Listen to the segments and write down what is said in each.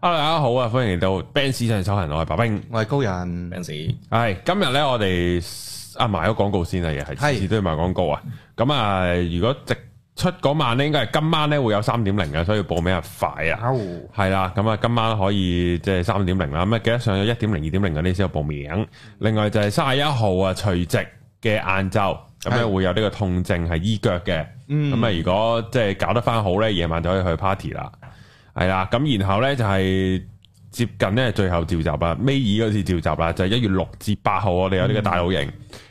Hello 大家好啊！歡迎嚟到《Benz 上修行》，我係白兵我 Ben z.，我係高人 Benz。係今日咧，我哋啊賣咗廣告先啊，嘢係次次都要賣廣告啊。咁啊是，如果直出嗰晚咧，應該係今晚咧會有三點零啊，所以報名係快啊。係啦、哦，咁啊，今晚可以即係三點零啦。咁啊，記得上咗一點零、二點零嗰啲先有報名。另外就係三十一號啊，除夕嘅晏晝咁啊，是樣會有呢個痛症係醫腳嘅。咁啊、嗯，如果即係、就是、搞得返好咧，夜晚就可以去 party 啦。係啦，咁然後呢就係接近咧最後召集啦，尾二嗰次召集啦，就係、是、一月六至八號，我哋有呢個大露營，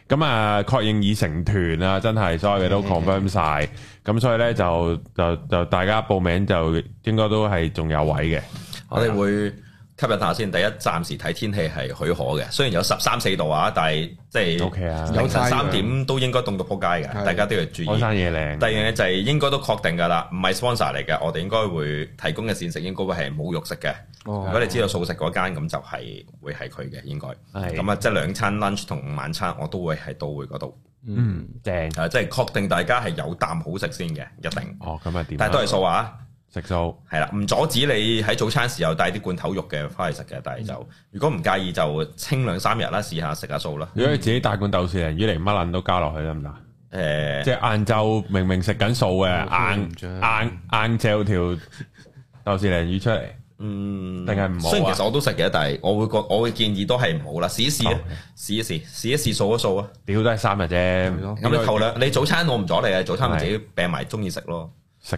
咁啊確認已成團啦，真係所有嘢都 confirm 晒，咁、嗯、所以呢，就就就大家報名就應該都係仲有位嘅，我哋會。吸引下先，第一暫時睇天氣係許可嘅，雖然有十三四度啊，但係即係早晨三點都應該凍到仆街嘅，大家都要注意。第二樣嘢就係應該都確定㗎啦，唔係 sponsor 嚟嘅，我哋應該會提供嘅膳食應該會係冇肉食嘅。如果你知道素食嗰間咁就係會係佢嘅應該。係。咁啊，即係兩餐 lunch 同晚餐我都會係都會嗰度。嗯，正。即係確定大家係有啖好食先嘅，一定。哦，咁啊點？但係都係數啊。食素，係啦，唔阻止你喺早餐時候帶啲罐頭肉嘅翻去食嘅，但係就如果唔介意就清兩三日啦，試下食下素啦。如果、嗯、自己帶罐豆豉鯪魚嚟乜捻都加落去得唔得？誒，欸、即係晏晝明明食緊素嘅，晏晏晏晝條豆豉鯪魚出嚟，嗯，定係唔好啊？雖然其實我都食嘅，但係我會覺我會建議都係唔好啦，試一試，試、哦 okay. 一試，試一試數一數啊，屌都係三日啫。咁、嗯嗯、你頭兩、嗯、你早餐我唔阻你啊，早餐自己病埋中意食咯，食。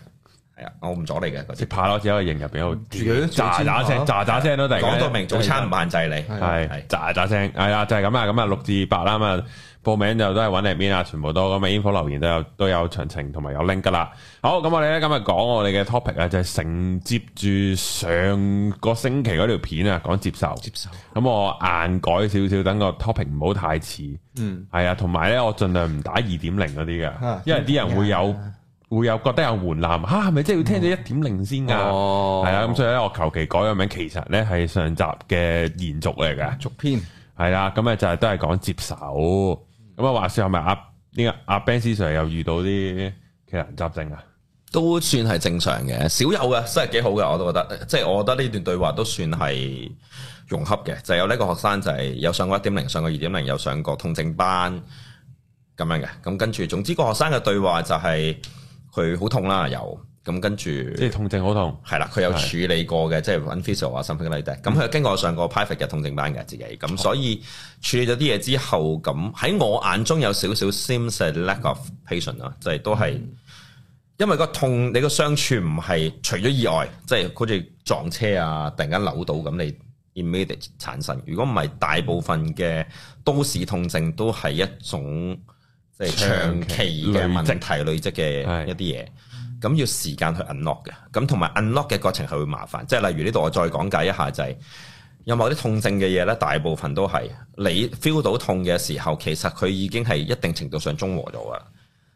我唔阻你嘅，即係拍咯，只可以影入邊好，喳喳聲，喳喳聲咯，突講到明，早餐唔限制你，係喳喳聲，係啊的，就係咁啊，咁啊，六至八啦嘛，報名就都係揾你邊啊，全部都咁啊，英、那、波、個、留言都有都有詳情同埋有，有 link 噶啦。好，咁我哋咧今日講我哋嘅 topic 咧就係承接住上個星期嗰條片啊，講接受，接受。咁我硬改少少，等個 topic 唔好太遲，嗯，係啊，同埋咧我盡量唔打二點零嗰啲嘅， 因為啲人會有。嗯會有覺得有緩慢嚇，係咪真係要聽到一點零先㗎？係啊，咁、哦、所以咧，我求其改咗名，其實咧係上集嘅延續嚟嘅續篇。係啦，咁啊就係都係講接手。咁啊、嗯、話説係咪阿呢個阿 Benz Sir 又遇到啲奇難雜症啊？都算係正常嘅，少有嘅，真係幾好嘅，我都覺得。即、就、係、是、我覺得呢段對話都算係融洽嘅，就是、有呢個學生就係有上過一點零，上過二點零，有上過痛症班咁樣嘅。咁跟住，總之個學生嘅對話就係、是。佢好痛啦，又，咁跟住即係痛症好痛，係啦，佢有處理過嘅，的即係揾 physio 啊，什麼嗰啲嘅。咁佢經過上個 private 嘅痛症班嘅自己，咁所以處理咗啲嘢之後，咁喺我眼中有少少 seems a lack of patience 啊，即係都係因為個痛，你個傷處唔係除咗意外，即係好似撞車啊，突然間扭到咁你 immediate 產生。如果唔係，大部分嘅都市痛症都係一種。即長期嘅問題累積嘅一啲嘢，咁是的 要時間去 unlock 嘅，咁同埋 unlock 嘅過程係會麻煩。即係例如呢度我再講解一下，就係有某啲痛症嘅嘢咧，大部分都係你 feel 到痛嘅時候，其實佢已經係一定程度上中和咗啊。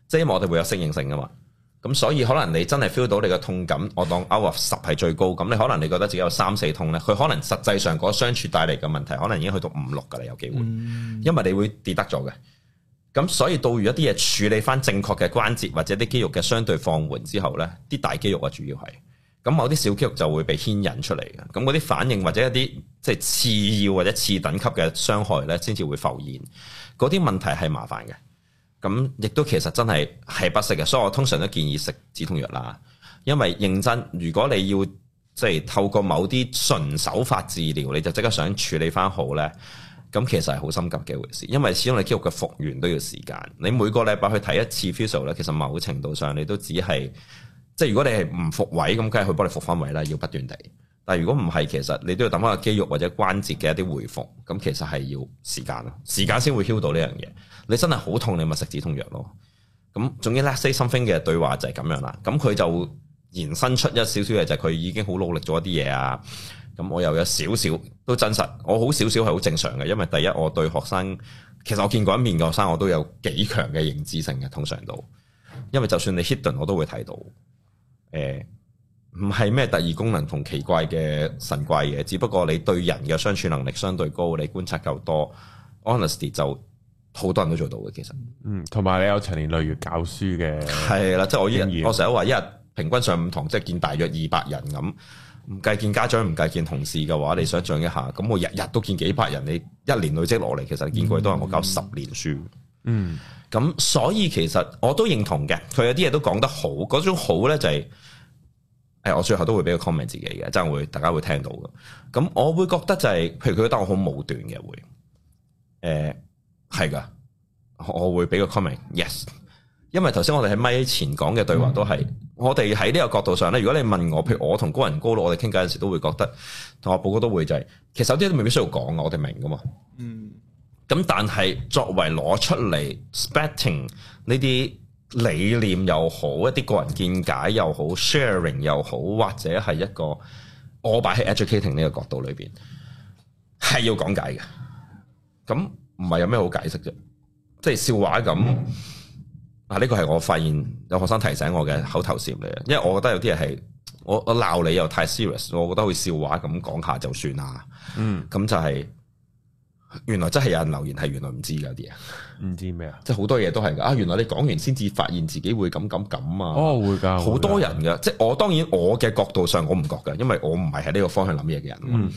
即係因為我哋會有適應性噶嘛，咁所以可能你真係 feel 到你嘅痛感，我當 out of 十係最高，咁你可能你覺得自己有三四痛咧，佢可能實際上嗰個相處帶嚟嘅問題，可能已經去到五六噶啦，有機會，嗯、因為你會跌得咗嘅。咁所以到完一啲嘢處理翻正確嘅關節或者啲肌肉嘅相對放緩之後呢，啲大肌肉啊主要係，咁某啲小肌肉就會被牽引出嚟嘅。咁嗰啲反應或者一啲即係次要或者次等級嘅傷害呢，先至會浮現。嗰啲問題係麻煩嘅。咁亦都其實真係係不適嘅。所以我通常都建議食止痛藥啦。因為認真，如果你要即係透過某啲純手法治療，你就即刻想處理翻好呢。咁其實係好心急嘅一回事，因為始終你肌肉嘅復原都要時間。你每個禮拜去睇一次 physio 咧，其實某程度上你都只係，即係如果你係唔復位，咁梗係去幫你復翻位啦，要不斷地。但係如果唔係，其實你都要等翻個肌肉或者關節嘅一啲回復，咁其實係要時間咯，時間先會 heal 到呢樣嘢。你真係好痛，你咪食止痛藥咯。咁總之 let's say something 嘅對話就係咁樣啦。咁佢就延伸出一少少嘅就係、是、佢已經好努力咗一啲嘢啊。咁我又有少少都真實，我好少少係好正常嘅，因為第一我對學生，其實我見過一面嘅學生，我都有幾強嘅認知性嘅，通常都，因為就算你 hidden，我都會睇到。誒、呃，唔係咩特異功能同奇怪嘅神怪嘢，只不過你對人嘅相處能力相對高，你觀察夠多，honesty 就好多人都做到嘅，其實。嗯，同埋你有常年累月教書嘅，係啦、嗯，即係我驗我成日話一日平均上五堂，即係見大約二百人咁。唔計見家長，唔計見同事嘅話，你想象一下，咁我日日都見幾百人，你一年累積落嚟，其實見過好多人，我教十年書，嗯，咁所以其實我都認同嘅，佢有啲嘢都講得好，嗰種好呢、就是，就係，誒，我最後都會俾個 comment 自己嘅，真係會大家會聽到嘅，咁我會覺得就係、是，譬如佢覺得我好武斷嘅會，誒、呃，係噶，我會俾個 comment yes，因為頭先我哋喺咪前講嘅對話都係。嗯我哋喺呢個角度上咧，如果你問我，譬如我同高人高佬，我哋傾偈嗰時都會覺得，同阿寶哥都會就係、是，其實有啲都未必需要講，我哋明噶嘛。嗯。咁但係作為攞出嚟 sparking 呢啲理念又好，一啲個人見解又好、嗯、，sharing 又好，或者係一個我擺喺 educating 呢個角度裏邊，係要講解嘅。咁唔係有咩好解釋啫？即係笑話咁。嗯嗯嗱，呢個係我發現有學生提醒我嘅口頭禪嚟，因為我覺得有啲嘢係我我鬧你又太 serious，我覺得會笑話咁講下就算啦，嗯，咁就係、是、原來真係有人留言係原來唔知噶啲啊，唔知咩啊，即係好多嘢都係噶啊，原來你講完先至發現自己會咁咁咁啊，哦會噶，好多人噶，即係我當然我嘅角度上我唔覺噶，因為我唔係喺呢個方向諗嘢嘅人，咁、嗯、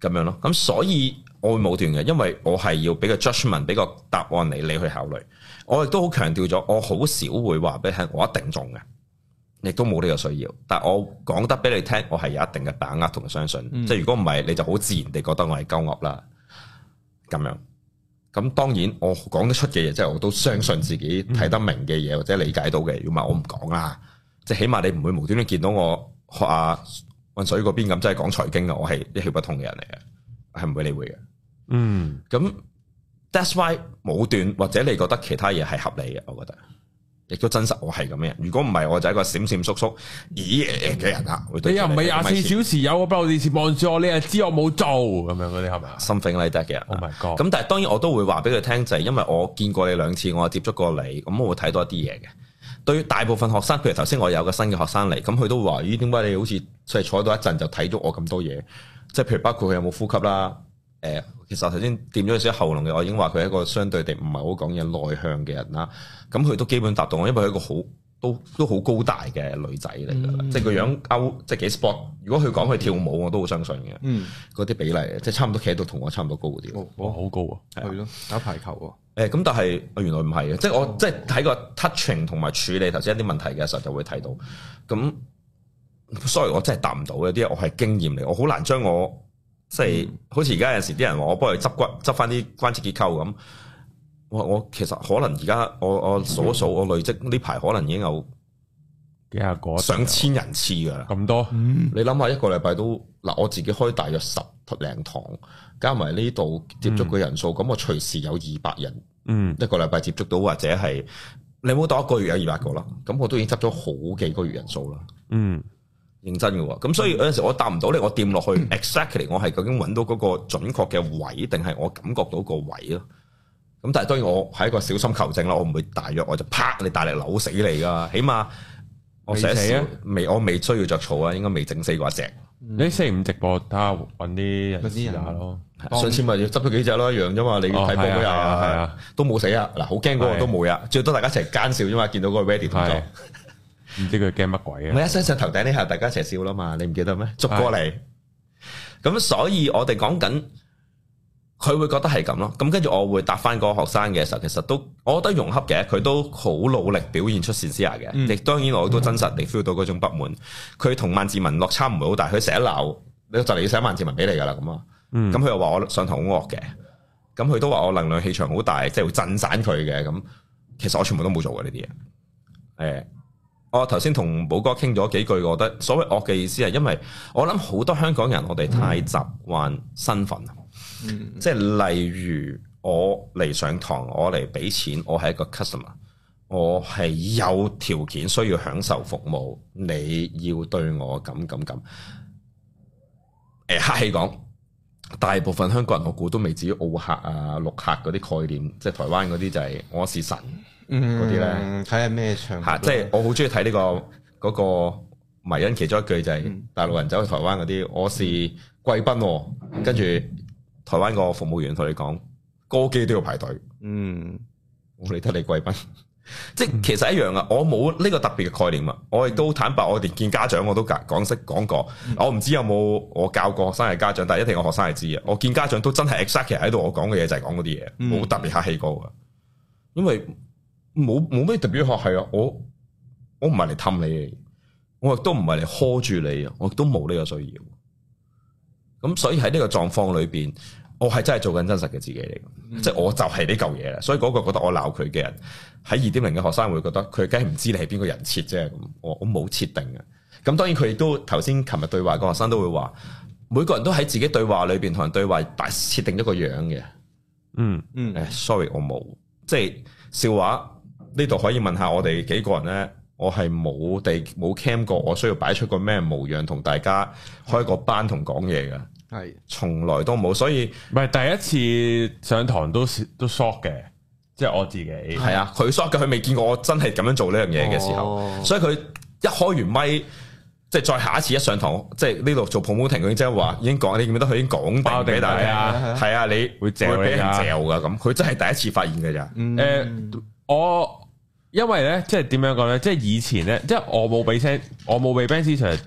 樣咯，咁所以。我會冇斷嘅，因為我係要俾個 judgment 俾個答案你，你去考慮。我亦都好強調咗，我好少會話俾你聽我一定中嘅，亦都冇呢個需要。但係我講得俾你聽，我係有一定嘅把握同埋相信。即係、嗯、如果唔係，你就好自然地覺得我係鳩惡啦。咁樣，咁當然我講得出嘅嘢，即係我都相信自己睇得明嘅嘢，嗯、或者理解到嘅，如果唔係我唔講啦。即起碼你唔會無端端見到我學下、啊、混水嗰邊咁，真係講財經嘅，我係一竅不通嘅人嚟嘅，係唔會理會嘅。嗯，咁 That's why 冇斷或者你覺得其他嘢係合理嘅，我覺得亦都真實。我係咁樣，如果唔係我就係一個閃閃縮縮咦嘅人啊！你又唔係廿四小時有個閉路電視望住我，你又知我冇做咁樣嗰啲係咪？Something like that 嘅人，Oh my God！咁但係當然我都會話俾佢聽，就係因為我見過你兩次，我接觸過你，咁我會睇多一啲嘢嘅。對於大部分學生，譬如頭先我有個新嘅學生嚟，咁佢都會話：咦，點解你好似即係坐多一陣就睇到我咁多嘢？即係譬如包括佢有冇呼吸啦。誒，其實頭先掂咗少少喉嚨嘅，我已經話佢係一個相對地唔係好講嘢內向嘅人啦。咁佢都基本答到我，因為係一個好都都好高大嘅女仔嚟㗎啦。嗯、即係個樣歐，即係幾 sport。如果佢講佢跳舞，我都好相信嘅。嗯，嗰啲比例，即係差唔多企喺度同我差唔多高嗰啲。我好高啊！係咯，啊、打排球喎、啊。咁但係原來唔係嘅，即係我即係睇個 touching 同埋處理頭先一啲問題嘅時候就會睇到。咁 sorry，我真係答唔到有啲，我係經驗嚟，我好難將我。即係好似而家有陣時啲人話我幫佢執骨執翻啲關節結構咁，我我其實可能而家我我數一數我累積呢排可能已經有幾廿個上千人次噶啦，咁多。你諗下一個禮拜都嗱，我自己開大約十零堂，加埋呢度接觸嘅人數，咁、嗯、我隨時有二百人。嗯，一個禮拜接觸到或者係你冇當一個月有二百個啦，咁我都已經執咗好幾個月人數啦。嗯。認真嘅喎，咁所以有陣時我答唔到你，我掂落去 exactly，我係究竟揾到嗰個準確嘅位，定係我感覺到個位咯？咁但係當然我係一個小心求證啦，我唔會大約，我就啪你大力扭死你噶，起碼我死咗未，我未需要著草啊，應該未整死過一隻。你星期五直播睇下揾啲人試下咯。上次咪要執咗幾隻咯，一樣啫嘛。你睇報嗰日都冇死啊，嗱好驚嗰個都冇呀，最多大家一齊奸笑啫嘛，見到嗰個 ready 唔做。唔知佢驚乜鬼啊！咪一伸上頭頂呢係大家一齊笑啦嘛！你唔記得咩？捉過嚟，咁、哎、呀 所以我哋講緊，佢會覺得係咁咯。咁跟住我會答翻嗰個學生嘅時候，其實都，我覺得融洽嘅，佢都好努力表現出善思雅嘅。亦、嗯、當然，我都真實，地 feel 到嗰種不滿。佢同萬志文落差唔會好大，佢成日鬧，就寫你就嚟要寫萬志文俾你噶啦咁啊。咁佢、嗯、又話我上堂好惡嘅，咁佢都話我能量氣場好大，即係會震散佢嘅。咁其實我全部都冇做過呢啲嘢，誒、欸。我頭先同寶哥傾咗幾句，我覺得所謂惡嘅意思係，因為我諗好多香港人，我哋太習慣身份、嗯、即係例如我嚟上堂，我嚟俾錢，我係一個 customer，我係有條件需要享受服務，你要對我咁咁咁。誒，客氣講，大部分香港人我估都未至於奧客啊、陸客嗰啲概念，即係台灣嗰啲就係、是、我是神。嗰啲咧，睇下咩唱吓，即係我好中意睇呢個嗰、嗰個迷因。其中一句就係大陸人走去台灣嗰啲，嗯、我是貴賓、哦，嗯、跟住台灣個服務員同你講，歌姬都要排隊。嗯，我理得你貴賓，嗯、即係其實一樣啊。我冇呢個特別嘅概念啊。我亦都坦白，我哋見家長我都講講識講過。我唔知有冇我教過學生係家長，但係一定我學生係知啊。我見家長都真係 exactly 喺度，我講嘅嘢就係講嗰啲嘢，冇特別客氣過噶。因為冇冇咩特別學係啊！我我唔係嚟氹你，我亦都唔係嚟呵住你啊！我都冇呢個需要。咁所以喺呢個狀況裏邊，我係真係做緊真實嘅自己嚟嘅，即係、嗯、我就係呢嚿嘢啦。所以嗰個覺得我鬧佢嘅人，喺二點零嘅學生會覺得佢梗係唔知你係邊個人設啫。我我冇設定嘅。咁當然佢亦都頭先琴日對話個學生都會話，每個人都喺自己對話裏邊同人對話，大設定咗個樣嘅、嗯。嗯嗯，誒，sorry，我冇。即係笑話。呢度可以問下我哋幾個人咧？我係冇地冇 cam 過，我需要擺出個咩模樣同大家開個班同講嘢嘅，係的從來都冇。所以唔係第一次上堂都都 shock 嘅，即係我自己係啊，佢 shock 嘅，佢未見過我真係咁樣做呢樣嘢嘅時候，哦、所以佢一開完咪，即、就、係、是、再下一次一上堂，即係呢度做 promotion 即係話已經講，你見唔見得佢已經講定俾大家，係啊，啊，你會嚼嘅，會俾人嚼嘅咁，佢、啊啊、真係第一次發現嘅咋？誒，我。因為咧，即係點樣講咧？即係以前咧，即係我冇俾聲，我冇俾 Benz Sir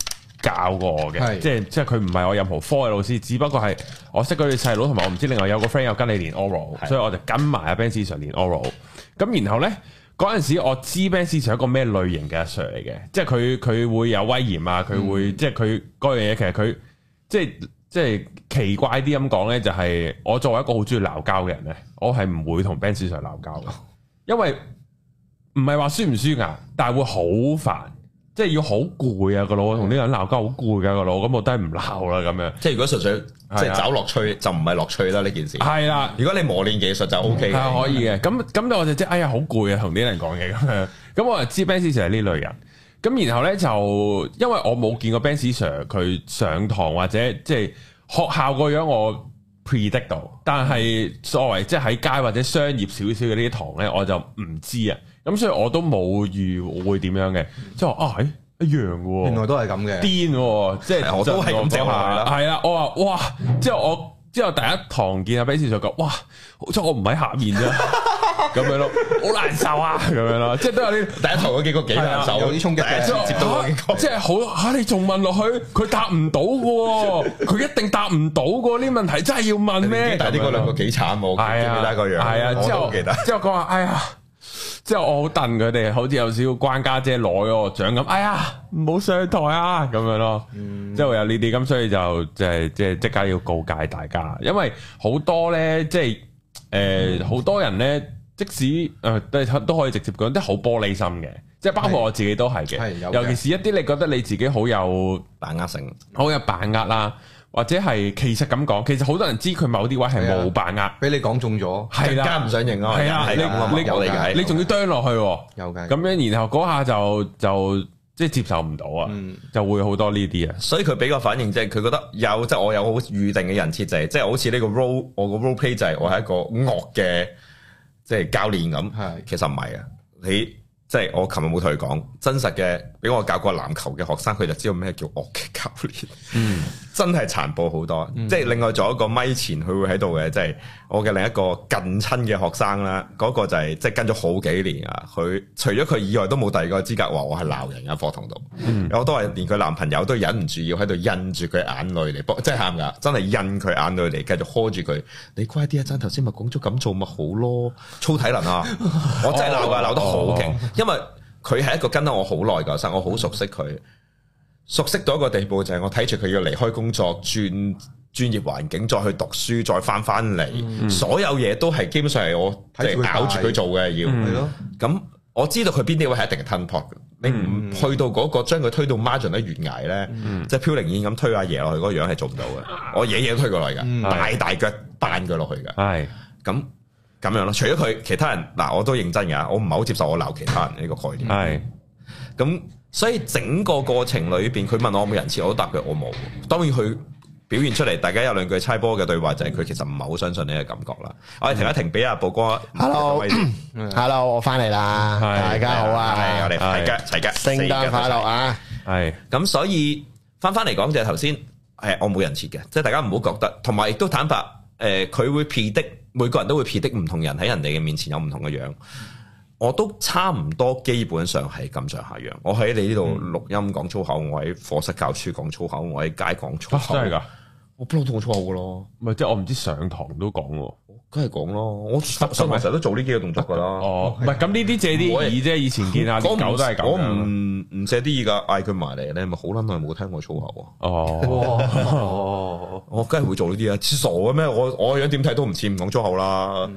教過我嘅是，即係即係佢唔係我任何科嘅老師，只不過係我識佢啲細佬，同埋我唔知另外有個 friend 有跟你練 oral，是所以我就跟埋阿 Benz Sir 練 oral。咁然後咧，嗰陣時我知 Benz Sir 一個咩類型嘅阿 Sir 嚟嘅，即係佢佢會有威嚴啊，佢會、嗯、即係佢各樣嘢，其實佢即係即係奇怪啲咁講咧，就係、是、我作為一個好中意鬧交嘅人咧，我係唔會同 Benz Sir 鬧交嘅，因為。唔係話輸唔輸啊，但係會好煩，就是啊啊、即係要好攰啊個腦，同啲人鬧交好攰噶個腦，咁我都係唔鬧啦咁樣。即係如果純粹是、啊、即係找樂趣，就唔係樂趣啦、啊、呢件事。係啦，如果你磨練技術就 OK，係可以嘅。咁咁我就即係哎呀好攰啊，同啲人講嘢咁樣。咁 我就知 Benz Sir 係呢類人。咁然後呢，就因為我冇見過 Benz Sir 佢上堂或者即係、就是、學校個樣，我 predict 到。但係作為即係喺街或者商業少少嘅呢啲堂呢，我就唔知啊。咁所以我都冇預會點樣嘅，即係啊，一樣嘅，原來都係咁嘅癲，即係我都係咁講啦，係啊，我話哇，之後我之後第一堂見阿 Benz Sir 就講哇，好彩我唔喺下面啫，咁樣咯，好難受啊，咁樣啦，即係都有啲第一堂嗰幾個幾難受，有啲衝擊性接到，即係好吓你仲問落去，佢答唔到嘅，佢一定答唔到嘅，呢問題真係要問咩？但係呢個兩個幾慘，我記得個樣，係啊，之後之後講話哎呀。即係我好戥佢哋，好似有少少關家姐攞咗個獎咁，哎呀，唔好上台啊咁樣咯。嗯、即係有呢啲咁，所以就即係即係即刻要告誡大家，因為好多咧，即係誒，好、呃嗯、多人咧，即使誒都、呃、都可以直接講，即係好玻璃心嘅，即係包括我自己都係嘅。係，尤其是一啲你覺得你自己好有把握性，好有把握啦。或者係其實咁講，其實好多人知佢某啲位係冇把握，俾你講中咗，更加唔想認啊。係啊，你你你仲要啄落去，有嘅。咁樣然後嗰下就就即係接受唔到啊，就會好多呢啲啊。所以佢俾個反應，即係佢覺得有即係我有預定嘅人設置，即係好似呢個 role，我個 role play 就係我係一個惡嘅即係教練咁。係，其實唔係啊，你。即係我琴日冇同佢講，真實嘅俾我教過籃球嘅學生，佢就知道咩叫惡嘅教練，嗯，mm. 真係殘暴好多。Mm. 即係另外仲有一個咪前，佢會喺度嘅，即係我嘅另一個近親嘅學生啦。嗰、那個就係、是、即係跟咗好幾年啊。佢除咗佢以外，都冇第二個資格話我係鬧人嘅課堂度。嗯，mm. 我都係連佢男朋友都忍唔住要喺度印住佢眼淚嚟，真係喊噶，真係印佢眼淚嚟，繼續呵住佢。你乖啲呀陣，頭先咪講咗咁做咪好咯， 操體能啊！我真係鬧噶，鬧得好勁。因為佢係一個跟得我好耐嘅學生，我好熟悉佢，熟悉到一個地步就係我睇住佢要離開工作，轉專業環境，再去讀書，再翻翻嚟，嗯、所有嘢都係基本上係我咬住佢做嘅，要係咯。咁我知道佢邊啲位係一定係 tunnel，你唔去到嗰、嗰個將佢推到 margin 嘅懸崖咧，即係飄零燕咁推阿爺落去嗰樣係做唔到嘅。我爺爺都推過來噶，大大腳扳佢落去噶。係咁。咁樣咯，除咗佢，其他人嗱、啊，我都認真噶，我唔係好接受我鬧其他人呢個概念。係，咁所以整個過程裏邊，佢問我冇人設，我都答佢我冇。當然佢表現出嚟，大家有兩句猜波嘅對話，就係佢其實唔係好相信呢個感覺啦。我哋、嗯、停一停、啊，俾阿寶哥。Hello，Hello，我翻嚟啦，大家好啊，我哋係嘅，係嘅，聖誕快樂啊！係，咁所以翻翻嚟講就係頭先，誒，我冇人設嘅，即係大家唔好覺得，同埋亦都坦白，誒、呃，佢、呃、會 P 的。每個人都會撇的，唔同人喺人哋嘅面前有唔同嘅樣，我都差唔多基本上係咁上下樣。我喺你呢度錄音講粗口，我喺課室教書講粗口，我喺街講粗口，真係噶，我不嬲同我粗口噶咯。咪即係我唔知上堂都講喎。梗係講咯，我十十成日都做呢幾個動作噶啦。哦，唔係咁呢啲借啲意啫，以前見下啲狗都係咁，我唔唔借啲意噶，嗌佢埋嚟咧，咪好撚耐冇聽過粗口。哦，我梗係會做呢啲啊，似傻嘅咩？我我樣點睇都唔似唔講粗口啦。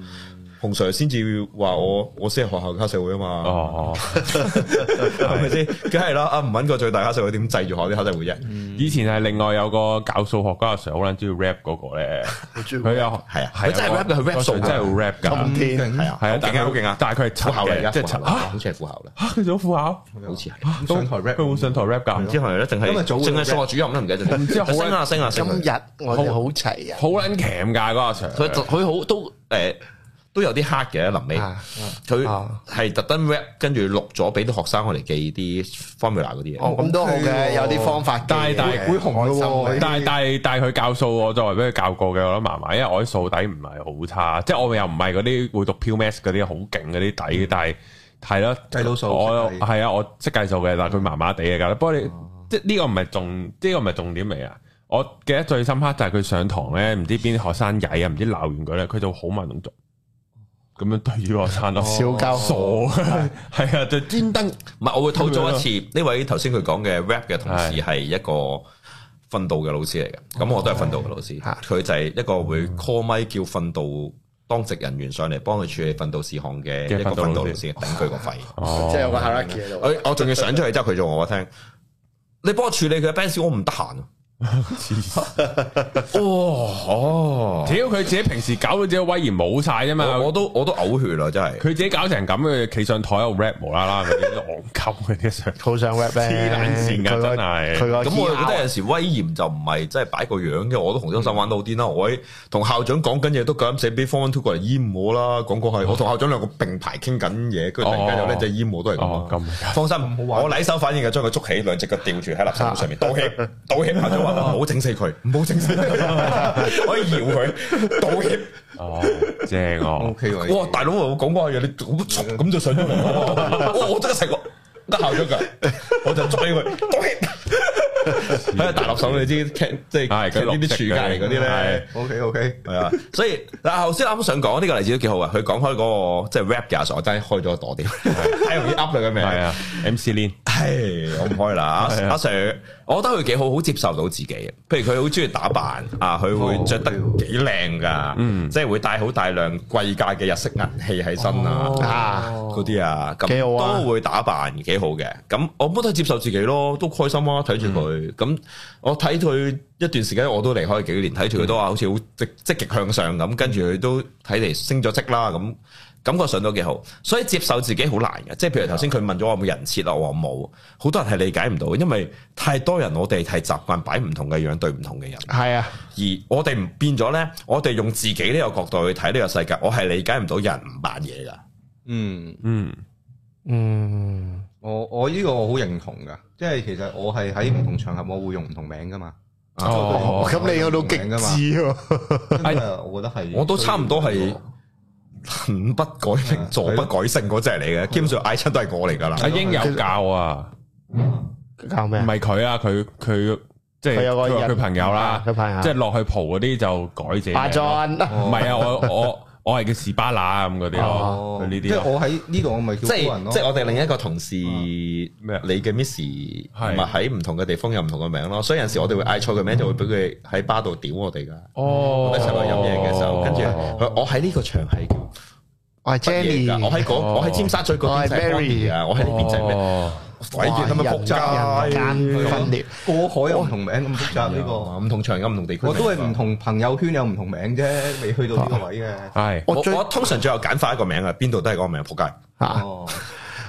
洪 Sir 先至話我，我先係學校嘅黑社會啊嘛，係咪先？梗係啦，啊唔搵個最大黑社會點制住下啲黑社會啫。以前係另外有個搞數學嗰個 Sir 好撚中意 rap 嗰個咧，佢又係啊，佢真係 rap 佢 rap 熟，真係 rap 噶，係啊，係啊，勁得好勁啊，但係佢係副校嚟噶，即係好似係副校啦，佢做副校，好似啊，台 rap，佢會上台 rap 噶，唔知係咪咧，淨係淨數學主任都唔記得咗，知啊升啊升啊，今日我好齊啊，好撚鉗噶嗰個 Sir，佢佢好都誒。都有啲黑嘅，臨尾佢係特登 rap 跟住錄咗，俾啲學生我嚟記啲 formula 嗰啲嘢。哦，咁都好嘅，有啲方法。但係但係但係但係但係佢教數，我作為俾佢教過嘅，我諗麻麻，因為我啲數底唔係好差，即係我又唔係嗰啲會讀 pure maths 嗰啲好勁嗰啲底，但係係咯，計到數，我係啊，我識計數嘅，但係佢麻麻地嘅。不過你即係呢個唔係重，呢個唔係重點嚟啊！我記得最深刻就係佢上堂咧，唔知邊啲學生曳啊，唔知鬧完佢咧，佢就好慢動作。咁樣對住我慘咯，傻啊！係啊，就專登唔係，我會吐咗一次呢位頭先佢講嘅 rap 嘅同事係一個訓導嘅老師嚟嘅，咁我都係訓導嘅老師，佢就係一個會 call 咪叫訓導當值人員上嚟幫佢處理訓導事項嘅一個訓導老師，頂佢個肺。哦，即係有個 hierarchy。我我仲要上出去，之後佢話我聽，你幫我處理佢嘅 band 小，我唔得閒。哇！哦，屌佢自己平時搞到自己威嚴冇晒啫嘛！我都我都嘔血啦！真係佢自己搞成咁嘅，企上台又 rap 無啦啦，嗰啲戇鳩，嗰啲上鋪上 rap 黐捻線噶真係。咁我覺得有陣時威嚴就唔係真係擺個樣，因為我都同張生玩到癲啦，我同校長講緊嘢都咁寫俾 t 文韜過嚟淹我啦。講講去，我同校長兩個並排傾緊嘢，跟住突然間有咧就淹我都係咁。放心唔好話，我第一手反應就將佢捉起，兩隻腳吊住喺垃圾桶上面道歉道歉。唔好整死佢，唔好整死佢。可以搖佢道歉。哦，正哦，O K，哇，大佬我講嗰樣你好重咁就信，我我真係食過，得效咗噶，我就捉起佢道歉。喺大陸手，你知，即係呢啲廚界嚟嗰啲咧，O K O K，係啊。所以嗱，頭先啱啱想講呢個例子都幾好啊。佢講開嗰個即係 rap 嘅，我真係開咗朵店，太容易 up 啦咁樣。係啊，M C Lin，係我唔開啦，阿 Sir。我覺得佢幾好，好接受到自己。譬如佢好鍾意打扮啊，佢會着得幾靚㗎，oh, okay. 即係會帶好大量貴價嘅日式銀器喺身，oh, 啊，嗰啲啊，咁、啊、都會打扮幾好嘅。咁我都得接受自己咯，都開心啊！睇住佢，咁、mm. 我睇佢一段時間我都離開幾年，睇住佢都話好似好積積極向上咁，跟住佢都睇嚟升咗職啦咁。感覺上都幾好，所以接受自己好難嘅。即係譬如頭先佢問咗我有冇人設啊，我冇。好多人係理解唔到，因為太多人我哋係習慣擺唔同嘅樣對唔同嘅人。係是啊，而我哋唔變咗咧，我哋用自己呢個角度去睇呢個世界，我係理解唔到人唔扮嘢噶。嗯嗯嗯，嗯嗯我我呢個我好認同噶，即係其實我係喺唔同場合我會用唔同名噶嘛。啊、哦，咁你都勁噶嘛，我覺得係，我都差唔多係。行不改名，坐不改姓嗰隻嚟嘅，基本上挨親都係我嚟噶啦。阿、 啊、英有教啊，教咩？唔係佢啊，佢佢即係佢有個佢朋友啦、啊，友啊、即係落去蒲嗰啲就改自字、啊。化妝唔係啊，我我。 我係叫士巴拿咁嗰啲，即係我喺呢個我咪、啊、即係即係我哋另一個同事咩？哦、你嘅 Miss 係咪喺唔同嘅地方有唔同嘅名咯？所以有陣時我哋會嗌錯個名，嗯、就會俾佢喺巴度屌我哋噶。哦、我哋成日去飲嘢嘅時候，哦、跟住、哦、我喺呢個場係叫。哦哦我係 Jenny 噶，我喺嗰我喺尖沙咀嗰邊。我係 Mary 啊，我喺呢邊就咩？鬼叫咁樣複雜，過海有唔同名咁複雜呢個，唔同場咁唔同地區。我都係唔同朋友圈有唔同名啫，未去到呢個位嘅。係我我通常最後揀返一個名啊，邊度都係嗰個名仆街啊。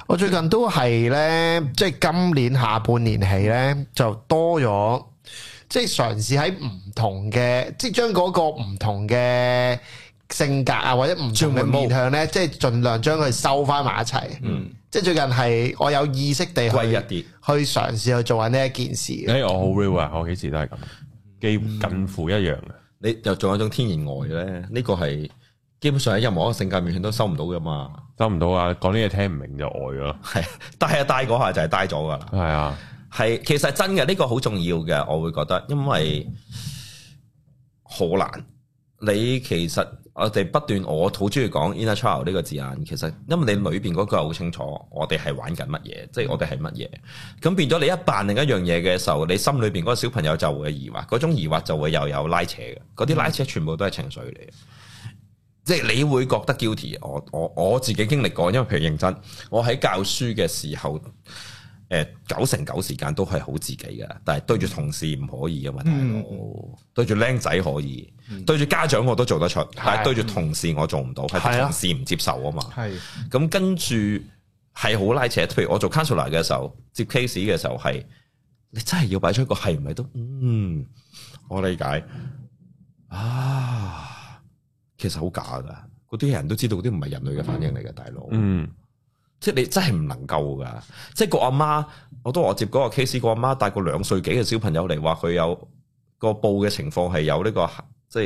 我最近都係咧，即係今年下半年起咧，就多咗，即係嘗試喺唔同嘅，即係將嗰個唔同嘅。性格啊，或者唔同嘅面向咧，即係盡量將佢收翻埋一齊。嗯，即係最近係我有意識地去一去嘗試去做下呢一件事。誒、嗯，我好 real 啊，我幾時都係咁，幾乎近乎一樣嘅、嗯。你又仲有一種天然呆咧？呢、這個係基本上喺任何一個性格面向都收唔到噶嘛，收唔到啊！講啲嘢聽唔明就呆咗。係，但係呆嗰下就係呆咗噶啦。係啊的，係其實真嘅呢、這個好重要嘅，我會覺得因為好難。你其實我哋不斷，我好中意講 inner child 呢個字眼。其實，因為你裏邊嗰句好清楚我，就是、我哋係玩緊乜嘢，即係我哋係乜嘢。咁變咗你一扮另一樣嘢嘅時候，你心裏邊嗰個小朋友就會有疑惑，嗰種疑惑就會又有，有拉扯嘅。嗰啲拉扯全部都係情緒嚟嘅。嗯，即係你會覺得 guilty 我。我我我自己經歷過，因為譬如認真，我喺教書嘅時候。誒九成九時間都係好自己嘅，但係對住同事唔可以啊嘛，大佬、嗯、對住靚仔可以，嗯、對住家長我都做得出，但係、嗯、對住同事我做唔到，係的同事唔接受啊嘛。係咁的跟住係好拉扯，譬如我做 counselor 嘅時候接 case 嘅時候係，你真係要擺出一個係唔係都嗯，我理解啊，其實好假噶，嗰啲人都知道嗰啲唔係人類嘅反應嚟嘅，大佬嗯。即係你真係唔能夠噶即係個阿媽，我都我接嗰個 case，個阿媽帶個兩歲幾嘅小朋友嚟，話佢有個報嘅情況係有呢個即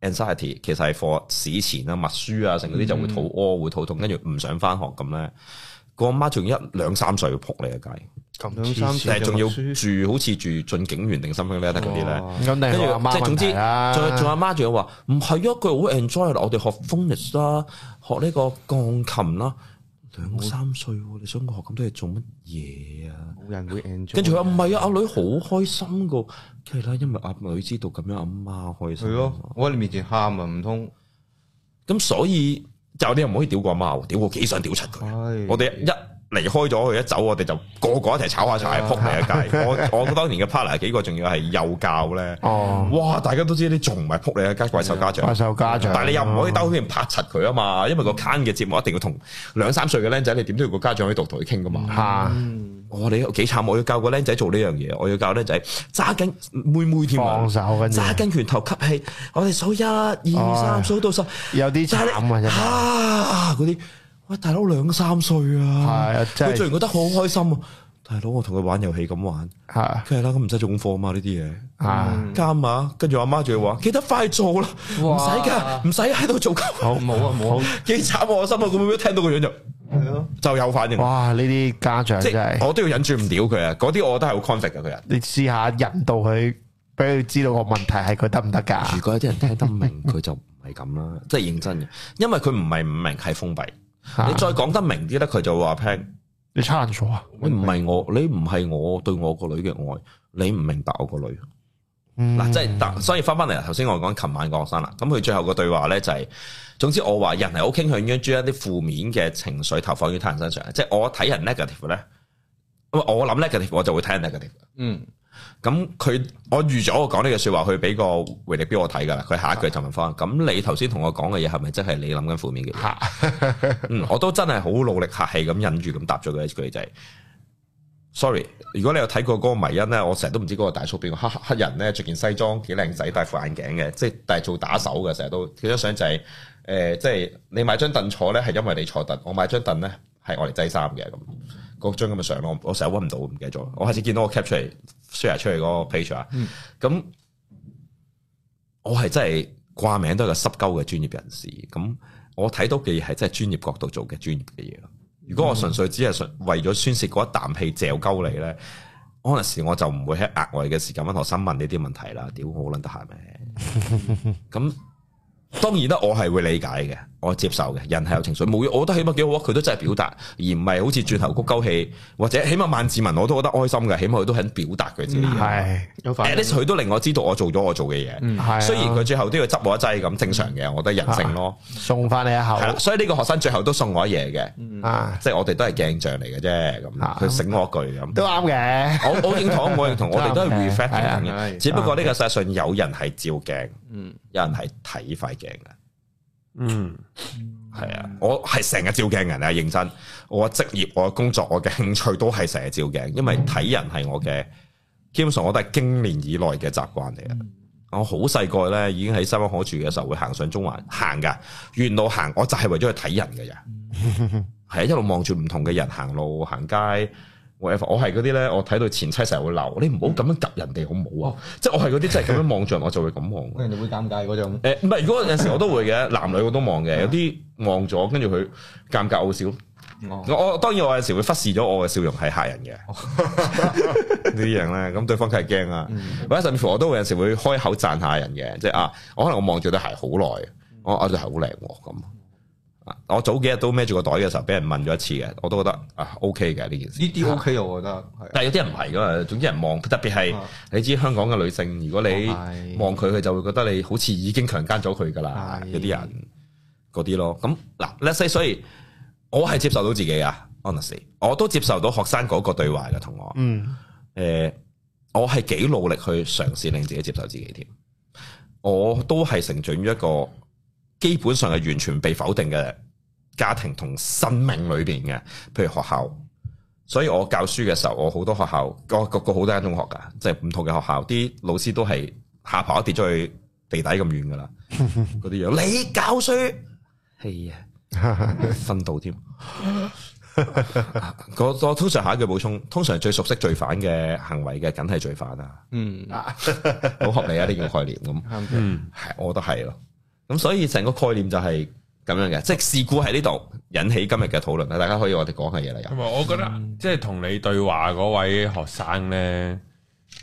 係 anxiety，其實係課史前啦，默書啊，成嗰啲就會肚屙、會肚痛，跟住唔想翻學咁咧。個阿媽仲一兩三歲仆你嘅計，兩三，誒仲要住好似住駿景園定新豐咧，嗰啲咧，跟住阿媽即係總之，仲仲阿媽仲話唔係啊，佢好 enjoy，我哋學 phonics 啦，學呢個鋼琴啦。兩三歲，我你想我學咁多嘢做乜嘢啊？冇人會，跟住佢話唔係啊，阿女好開心噶，梗係啦，因為阿女知道咁樣阿媽開心。係咯，哦，我喺你面前喊又唔通，咁所以就你又唔可以屌個阿媽，屌的我幾想屌柒。佢。我哋一。一離開咗佢一走，我哋就個個一齊炒下柴，撲你一街。我我當年嘅 partner 幾個，仲要係幼教咧。哦，哇！大家都知啲，仲唔係撲你一街，怪獸家長。怪獸家長。但係你又唔可以兜圈拍柒佢啊嘛，因為個 c 嘅節目一定要同兩三歲嘅僆仔，你點都要個家長喺度同佢傾噶嘛。吓，嗯、我哋幾慘，我要教個僆仔做呢樣嘢，我要教僆仔揸緊妹妹添，揸緊拳頭吸氣。我哋數一二三，數到十。有啲慘啊啲。大佬兩三歲啊，佢自然覺得好開心啊！大佬，我同佢玩遊戲咁玩，係啦咁唔使做功課啊嘛呢啲嘢。啱啊，跟住阿媽仲要話，記得快做啦，唔使噶，唔使喺度做功課。好冇啊冇，幾慘我心啊！咁樣聽到個樣就就有反應。哇！呢啲家長真係我都要忍住唔屌佢啊！嗰啲我覺得係好 conflict 嘅佢啊。你試下引導佢，俾佢知道個問題係佢得唔得㗎？如果有啲人聽得明，佢就唔係咁啦，即係認真嘅，因為佢唔係唔明，係封閉。你再講得明啲咧，佢就會話平，你差咗啊？唔係我，你唔係我，我對我個女嘅愛，你唔明白我個女。嗱、嗯啊，即係，所以翻翻嚟頭先，我講琴晚個學生啦，咁佢最後個對話咧就係、是，總之我話人係好傾向於將一啲負面嘅情緒投放於他人身上，即係我睇人 negative 咧，我諗 negative，我就會睇人 negative。嗯。咁佢我預咗我講呢句說話，佢俾個回力鏢我睇噶啦。佢下一句就問翻：咁你頭先同我講嘅嘢，係咪真係你諗緊負面嘅、啊嗯？我都真係好努力客氣咁忍住咁答咗佢。佢就係、是、，sorry，如果你有睇過嗰個迷因咧，我成日都唔知嗰個大叔邊個黑黑人咧，着件西裝幾靚仔，戴副眼鏡嘅，即係但係做打手嘅，成日都。佢張相就係、是，誒、呃，即係你買張凳坐咧，係因為你坐凳，我買張凳咧係我嚟擠衫嘅咁。嗰張咁嘅相咯，我成日搵唔到，唔記得咗。我下次見到我 capture。我 share 出嚟嗰個 page 啊，咁、嗯、我係真係掛名都係個濕鳩嘅專業人士，咁我睇到嘅嘢係真係專業角度做嘅專業嘅嘢咯。如果我純粹只係純為咗宣泄嗰一啖氣嚼鳩你咧，可能時我就唔會喺額外嘅時間搵學生問呢啲問題啦。屌、嗯、我撚得閒咩？咁。 當然啦，我係會理解嘅，我接受嘅。人係有情緒，冇，我覺得起碼幾好。佢都真係表達，而唔係好似轉頭曲鳩氣，或者起碼萬字文我都覺得開心嘅。起碼佢都肯表達佢自己。係、嗯，至少佢都令我知道我做咗我做嘅嘢。嗯，雖然佢最後都要執我一劑咁正常嘅，我覺得人性咯、啊。送翻你一口。所以呢個學生最後都送我一嘢嘅。啊，即係我哋都係鏡像嚟嘅啫。咁，佢醒、啊、我一句咁。都啱嘅。我我認同、嗯，我認同。我哋都係 reflect 只不過呢個世上有人係照鏡。嗯，有人係睇塊鏡嘅，嗯，係啊，我係成日照鏡人啊，認真，我職業，我工作，我嘅興趣都係成日照鏡，因為睇人係我嘅，基本上我都係經年以來嘅習慣嚟嘅。嗯、我好細個咧，已經喺西灣河住嘅時候，會行上中環行噶，沿路行，我就係為咗去睇人嘅啫，係一路望住唔同嘅人行路行街。我我係嗰啲咧，我睇到前妻成日會鬧，你唔好咁、嗯、樣夾人哋好唔好啊？即係我係嗰啲，真係咁樣望住我就會咁望。咁人哋會尷尬嗰種。誒、欸，唔係，如果有時我都會嘅，男女我都望嘅，有啲望咗，跟住佢尷尬好少。哦、我我當然我有時會忽視咗我嘅笑容係嚇人嘅、哦、 呢啲樣咧。咁對方梗係驚啊。嗯、或者甚至乎我都會有時會開口讚下人嘅，即係啊，我可能我望住對鞋好耐，我我對鞋好靚，我咁。我早幾日都孭住個袋嘅時候，俾人問咗一次嘅，我都覺得啊，OK 嘅呢件事。呢啲 OK，、啊、我覺得、啊、但係有啲人唔係噶嘛。總之人望，特別係、啊、你知香港嘅女性，如果你望佢，佢、啊、就會覺得你好似已經強姦咗佢噶啦。啊、有啲人嗰啲咯。咁嗱，let say 所以我係接受到自己啊，honestly，我都接受到學生嗰個對話嘅同我，嗯。誒、呃，我係幾努力去嘗試令自己接受自己添，我都係成長於一個。基本上係完全被否定嘅家庭同生命裏邊嘅，譬如學校，所以我教書嘅時候，我好多學校，我各個好多間中學噶，即係唔同嘅學校，啲老師都係下巴一跌咗去地底咁遠噶啦，嗰啲嘢。你教書係啊，訓導添。我通常下一句補充，通常最熟悉最犯罪犯嘅行為嘅，梗係罪犯啊。嗯，好合理啊，呢個、啊、概念咁。嗯、係、嗯嗯嗯，我覺得係咯。咁所以成個概念就係咁樣嘅，即係事故喺呢度引起今日嘅討論啊！大家可以我哋講下嘢嚟噶。同埋，我覺得即係同你對話嗰位學生咧，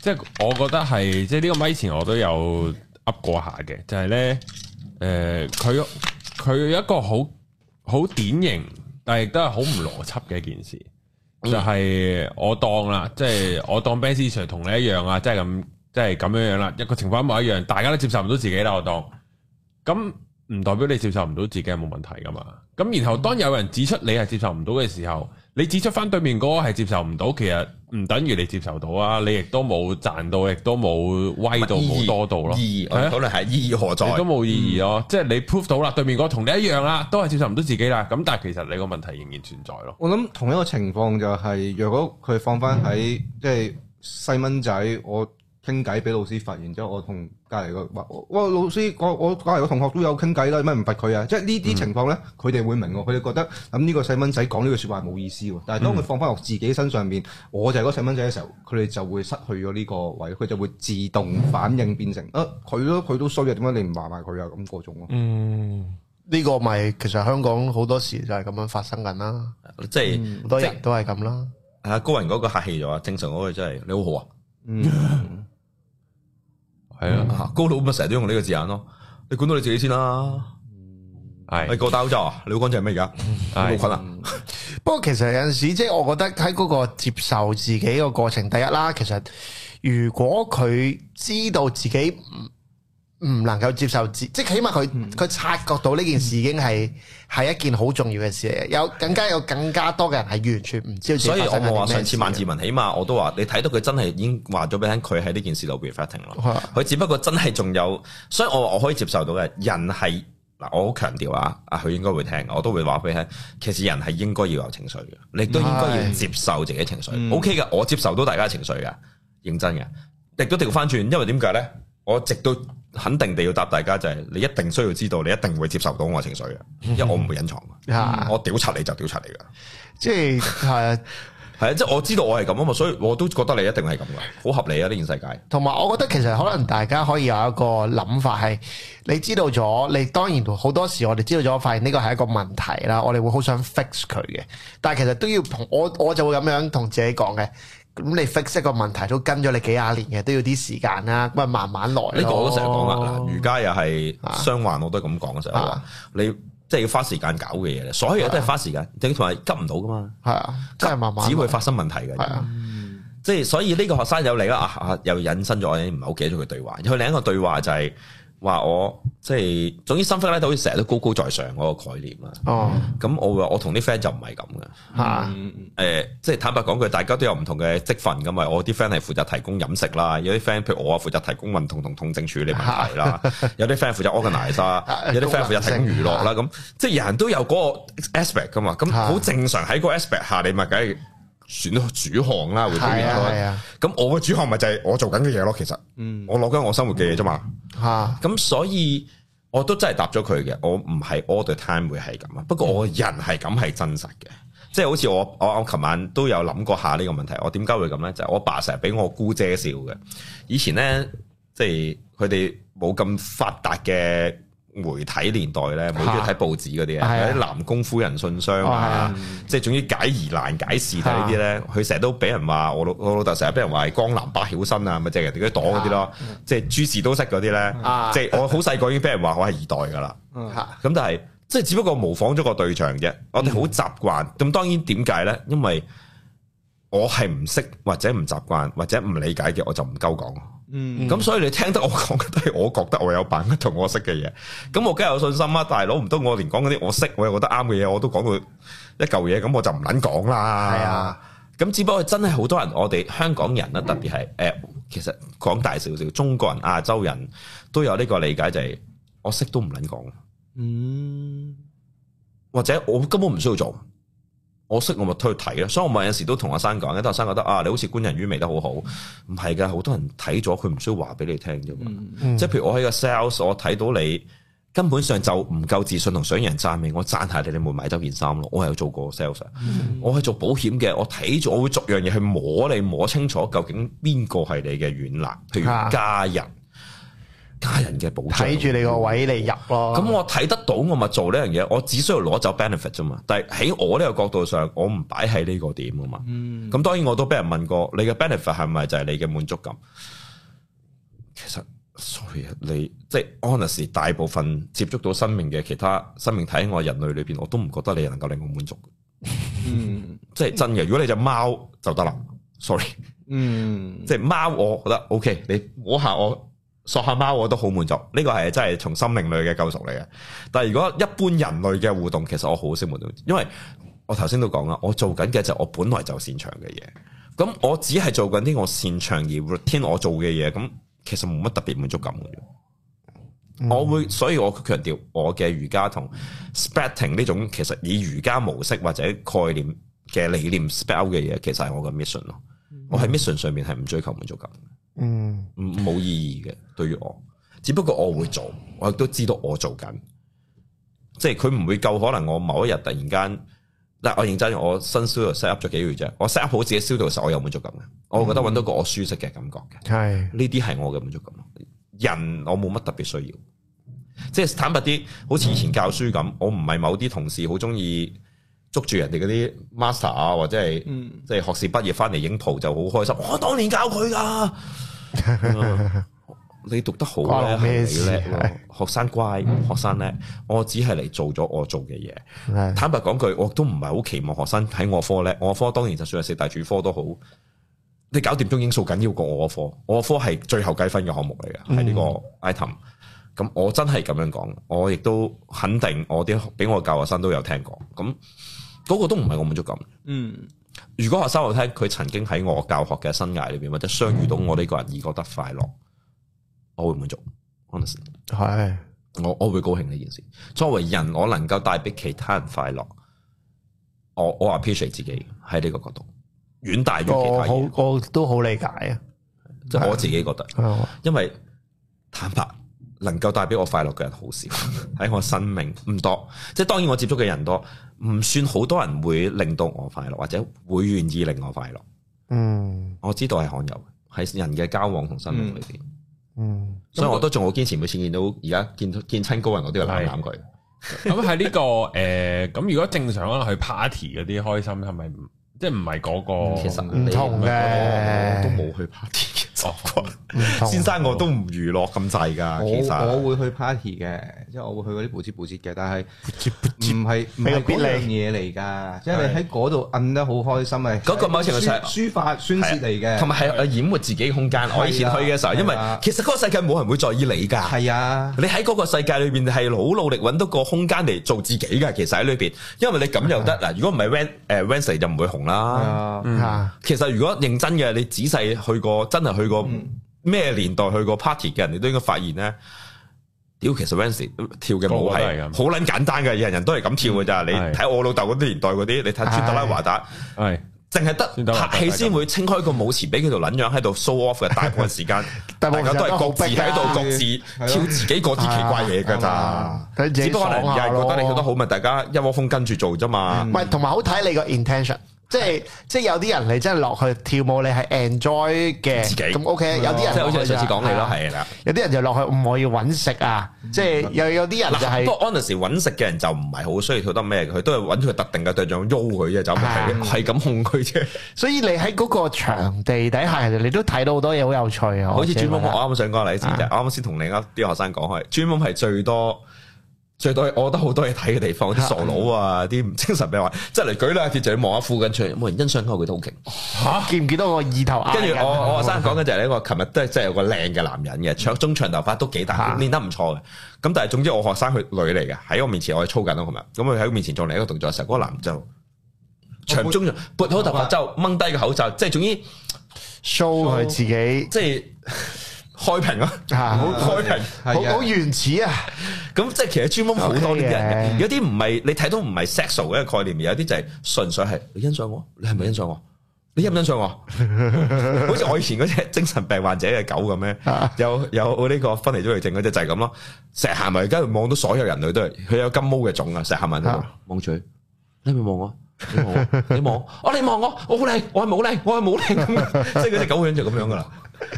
即、就、係、是、我覺得係即係呢個咪前我都有噏過下嘅，就係咧誒，佢、呃、佢有一個好好典型，但係亦都係好唔邏輯嘅一件事，就係、是、我當啦，即係、嗯、我當、就是、當 Benz Sir 同你一樣啊，即係咁，即係咁樣、就是、樣啦，一個情況一模一樣，大家都接受唔到自己啦，我當。咁唔代表你接受唔到自己係冇問題噶嘛？咁然後當有人指出你係接受唔到嘅時候，你指出翻對面嗰個係接受唔到，其實唔等於你接受到啊！你亦都冇賺到，亦都冇威到，好多到咯。意義可能係意義何在？你都冇意義咯，嗯、即係你 prove 到啦，對面嗰個同你一樣啦，都係接受唔到自己啦。咁但係其實你個問題仍然存在咯。我諗同一個情況就係、是，若果佢放翻喺即係細蚊仔我。傾偈俾老師罰，然之後我同隔籬個話，哇老師我我隔籬個同學都有傾偈啦，點解唔罰佢啊？即係呢啲情況咧，佢哋、嗯、會明，佢哋覺得咁呢個細蚊仔講呢個說話冇意思。但係當佢放翻落自己身上面，我就係嗰細蚊仔嘅時候，佢哋就會失去咗呢個位，佢就會自動反應變成，啊，佢都佢都衰啊，點解你唔話埋佢啊？咁嗰種咯。嗯，呢、這個咪其實香港好多時就係咁樣發生緊啦是、嗯，即係好多人都係咁啦。啊，高人嗰個客氣咗啊，正常嗰個真係你好好啊。嗯。 係啊，高佬咪成日都用呢個字眼咯。你管到你自己先啦。係的、哎，你過大澳洲啊？你乾淨係咩而家？冇困啊！不過其實有陣時，即係我覺得喺嗰個接受自己個過程，第一啦，其實如果佢知道自己。唔能夠接受自，即係起碼佢佢察覺到呢件事已經係係、嗯、一件好重要嘅事，有更加有更加多嘅人係完全唔知道。所以我冇話上次萬志文，起碼我都話你睇到佢真係已經話咗俾佢喺呢件事度 fighting 咯。佢的只不過真係仲有，所以我我可以接受到嘅人係嗱，我好強調啊，啊佢應該會聽，我都會話俾你聽。其實人係應該要有情緒嘅，你都應該要接受自己情緒。O K 嘅，我接受到大家情緒嘅，認真嘅。滴都逆翻轉，因為點解咧？我直到。肯定地要答大家就係、是，你一定需要知道，你一定會接受到我嘅情緒嘅，因為我唔會隱藏，嗯、我屌柒你就屌柒你噶，即係係啊，係 啊，即係我知道我係咁啊嘛，所以我都覺得你一定係咁噶，好合理啊呢件世界。同埋，我覺得其實可能大家可以有一個諗法係，你知道咗，你當然好多時我哋知道咗，發現呢個係一個問題啦，我哋會好想 fix 佢嘅，但係其實都要同我，我就會咁樣同自己講嘅。咁你 fix 一個問題都跟咗你幾廿年嘅，都要啲時間啦，咁啊慢慢來。呢個我都成日講噶啦，瑜伽又係傷患，啊、我都係咁講嘅成日。啊、你即係要花時間搞嘅嘢，所有嘢都係花時間，等同埋急唔到噶嘛。係啊，真係、啊、慢慢，只會發生問題嘅。係、啊、即係所以呢個學生有嚟啦，啊又引申咗，我唔係好記得咗佢對話。佢另一個對話就係、是。話我即係，總之新 friend 咧，都好似成日都高高在上嗰個概念啦。哦，咁我我同啲 friend 就唔係咁嘅。吓、啊。誒、嗯呃，即係坦白講句，大家都有唔同嘅職分噶嘛。我啲 friend 係負責提供飲食啦，有啲 friend 譬如我啊負責提供運動同痛症處理問題啦、啊， 有啲 friend 負責 organize 啦，有啲 friend 負責提供娛樂啦。咁、啊啊、即係人人都有嗰個 aspect 噶嘛，咁好正常喺個 aspect 下，你咪梗係。選到修行啦，啊、會變開。咁、啊、我嘅修行咪就係我做緊嘅嘢咯。其實，嗯、我攞緊我生活嘅嘢啫嘛。嚇、啊！咁所以我都真係答咗佢嘅。我唔係 all the time 會係咁啊。不過我人係咁係真實嘅，嗯、即係好似我我我琴晚都有諗過下呢個問題。我點解會咁咧？就係、我爸成日俾我姑姐笑嘅。以前咧，即係佢哋冇咁發達嘅。媒體年代咧，冇中意睇報紙嗰啲啊，有啲南宮夫人信箱、哦、啊，即係總之解疑難解、解事、啊。題呢啲咧，佢成日都俾人話我老我老豆成日俾人話係江南百曉生啊，咪、啊、即係人哋嗰啲黨嗰啲咯，即係諸事都識嗰啲咧，即係我好細個已經俾人話我係二代㗎喇，咁但係即係只不過模仿咗個對象啫。我哋好習慣，咁、嗯、當然點解咧？因為我係唔識或者唔習慣或者唔理解嘅，我就唔夠講。嗯，咁所以你聽得我講嘅都係我覺得我有辦法同我識嘅嘢，咁我梗係有信心啊！大佬唔通我連講嗰啲我識我又覺得啱嘅嘢，我都講到一舊嘢，咁我就唔捻講啦。係啊、嗯，咁只不過真係好多人，我哋香港人啦，特別係誒，其實講大少少，中國人、亞洲人都有呢個理解、就是，就係我識都唔捻講，嗯，或者我根本唔需要做。我識我咪推去睇咯，所以我咪有時都同阿珊講嘅，但係阿珊覺得啊，你好似觀人於微得好好，唔係噶，好多人睇咗佢唔需要話俾你聽啫嘛，即係、嗯嗯、譬如我喺個 sales，我睇到你根本上就唔夠自信同想人讚美，我讚下你你咪買咗件衫咯，我有做過 sales，、嗯、我係做保險嘅，我睇咗我會逐樣嘢去摸你摸清楚究竟邊個係你嘅軟肋，譬如家人。啊家人嘅保障，睇住你個位嚟入咯。咁、嗯、我睇得到，我咪做呢樣嘢。我只需要攞走 benefit 啫嘛。但係喺我呢個角度上，我唔擺喺呢個點啊嘛。咁、嗯、當然我都俾人問過，你嘅 benefit 係咪就係你嘅滿足感？其實 sorry，你即係 honest，大部分接觸到生命嘅其他生命體，我人類裏邊，我都唔覺得你能夠令我滿足。嗯、 即係真嘅。如果你隻貓就得啦。Sorry，嗯，即係貓，貓我覺得 OK。你摸下我。索下貓我都好滿足，呢個係真係從生命類嘅救贖嚟嘅。但係如果一般人類嘅互動，其實我好少滿足，因為我頭先都講啦，我做緊嘅就係我本來就擅長嘅嘢。咁我只係做緊啲我擅長而 routine 我做嘅嘢，咁其實冇乜特別滿足感嘅。嗯、我會，所以我強調我嘅瑜伽同 spreading 呢種，其實以瑜伽模式或者概念嘅理念 spell 嘅嘢，其實係我嘅 mission 咯。嗯、我喺 mission 上面係唔追求滿足感。嗯，冇意義嘅對於我，只不過我會做，我亦都知道我做緊，即係佢唔會夠可能我某一日突然間，嗱我認真，我新招又 set up 咗幾個月啫，我 set up 好自己消毒嘅時候，我有滿足感嘅，我覺得揾到個我舒適嘅感覺嘅，係呢啲係我嘅滿足感咯。是人我冇乜特別需要，即係坦白啲，好似以前教書咁，嗯、我唔係某啲同事好中意捉住人哋嗰啲 master 啊，或者係，嗯，即係學士畢業翻嚟影蒲就好開心，我當年教佢噶。 你讀得好咧係你叻， 學生乖，嗯、學生叻，我只係嚟做咗我做嘅嘢。嗯、坦白講句，我都唔係好期望學生喺我科叻，我科當然就算係四大主科都好，你搞掂中英數緊要過我科，我科係最後計分嘅項目嚟嘅，係呢個 item。咁、嗯、我真係咁樣講，我亦都肯定我啲俾我教學生都有聽過，咁、那、嗰個都唔係我滿足感。嗯。如果學生我聽佢曾經喺我教學嘅生涯裏邊，或者相遇到我呢個人而覺得快樂，嗯、我會滿足。係是我我會高興呢件事。作為人，我能夠帶俾其他人快樂，我我話 appreciate 自己喺呢個角度遠大於其他嘢。我我都好理解啊，即係我自己覺得，是因為坦白能夠帶俾我快樂嘅人好少喺 我生命唔多，即係當然我接觸嘅人多。唔算好多人會令到我快樂，或者會願意令我快樂，嗯嗯。嗯，我知道係罕有嘅，係人嘅交往同生活裏邊。嗯，所以我都仲好堅持，每次見到而家見到見親高人，我都要攬攬佢。咁喺呢個誒，咁，呃、如果正常可能去 party 嗰啲開心，係咪唔即係唔係嗰個唔同嘅？都冇去 party。先生我都唔娛樂咁滯噶。其實我我會去 party 嘅，即係我會去嗰啲布設布設嘅，但係唔係咩靚嘢嚟噶。即係你喺嗰度摁得好開心啊！嗰個某程度上抒發宣泄嚟嘅，同埋係掩沒自己空間，我以前去嘅時候。因為其實嗰個世界冇人會在意你噶。係啊，你喺嗰個世界裏邊係好努力揾到個空間嚟做自己噶。其實喺裏邊，因為你咁又得嗱。如果唔係 w e n e y 就唔會紅啦。其實如果認真嘅，你仔細去過，真係去。個咩年代去過 party 嘅人，你都應該發現咧，屌其實 Vanessa 跳嘅舞係好撚簡單嘅，人人都係咁跳嘅咋。嗯、你睇我老豆嗰啲年代嗰啲，嗯、你睇穿德拉華達，係淨係得拍戲先會清開個舞池，俾佢條撚樣喺度 show off 嘅。 大部分時間大家都係各自喺度各自跳自己嗰啲奇怪嘢嘅咋。 啊啊、只不過可能有人覺得你跳得好，咪大家一窩蜂跟住做啫嘛。唔係，嗯，同埋好睇你個 intention。即係即係有啲人你真係落去跳舞你係 enjoy 嘅，自己。咁 OK。有啲人即好似上次講你咯，係啦。有啲人就落去唔可以揾食啊，即係又有啲人就係。不過 o n 揾食嘅人就唔係好需要跳得咩，佢都係揾佢特定嘅對象喐佢啫，就係咁控佢啫。所以你喺嗰個場地底下，其實你都睇到好多嘢，好有趣啊。好似 jumping 我啱啱想講個例子就，我啱啱先同另一啲學生講開 jumping 係最多。最多，我覺得好多嘢睇嘅地方，啲傻佬啊，啲唔精神病患，即係嚟舉啦，佢就望下附近，長冇人欣賞、啊、我嘅好勁，吓見唔見到我二頭？跟住我我學生講嘅就係呢個，琴日都係即係有個靚嘅男人嘅，長中長頭髮都幾大，練、啊、得唔錯嘅。咁但係總之我學生佢女嚟嘅，喺我面前我係操緊咯，係咪？咁佢喺我面前做另一個動作嘅時候，嗰、那個男就長中撥好不頭髮，就掹低個口罩，即係總之 show 佢 her 我自己，即係。開屏啊？唔評的好開屏，的好好原始啊！咁即係其實專門好多呢啲人嘅，有啲唔係你睇到唔係 sexual 嘅概念，有啲就係純粹係你欣賞我，你係咪欣賞我？你欣唔欣賞我？賞我 好似我以前嗰隻精神病患者嘅狗咁咧、啊，有有嗰個分離焦慮症嗰隻就係咁咯，成日行埋而家望到所有人類都係，佢有金毛嘅種啊，成日行埋望住，你係咪望我。 你望哦，你望我，我好靚，我係冇靚，我係冇靚咁即係嗰隻狗就樣 就咁樣噶啦。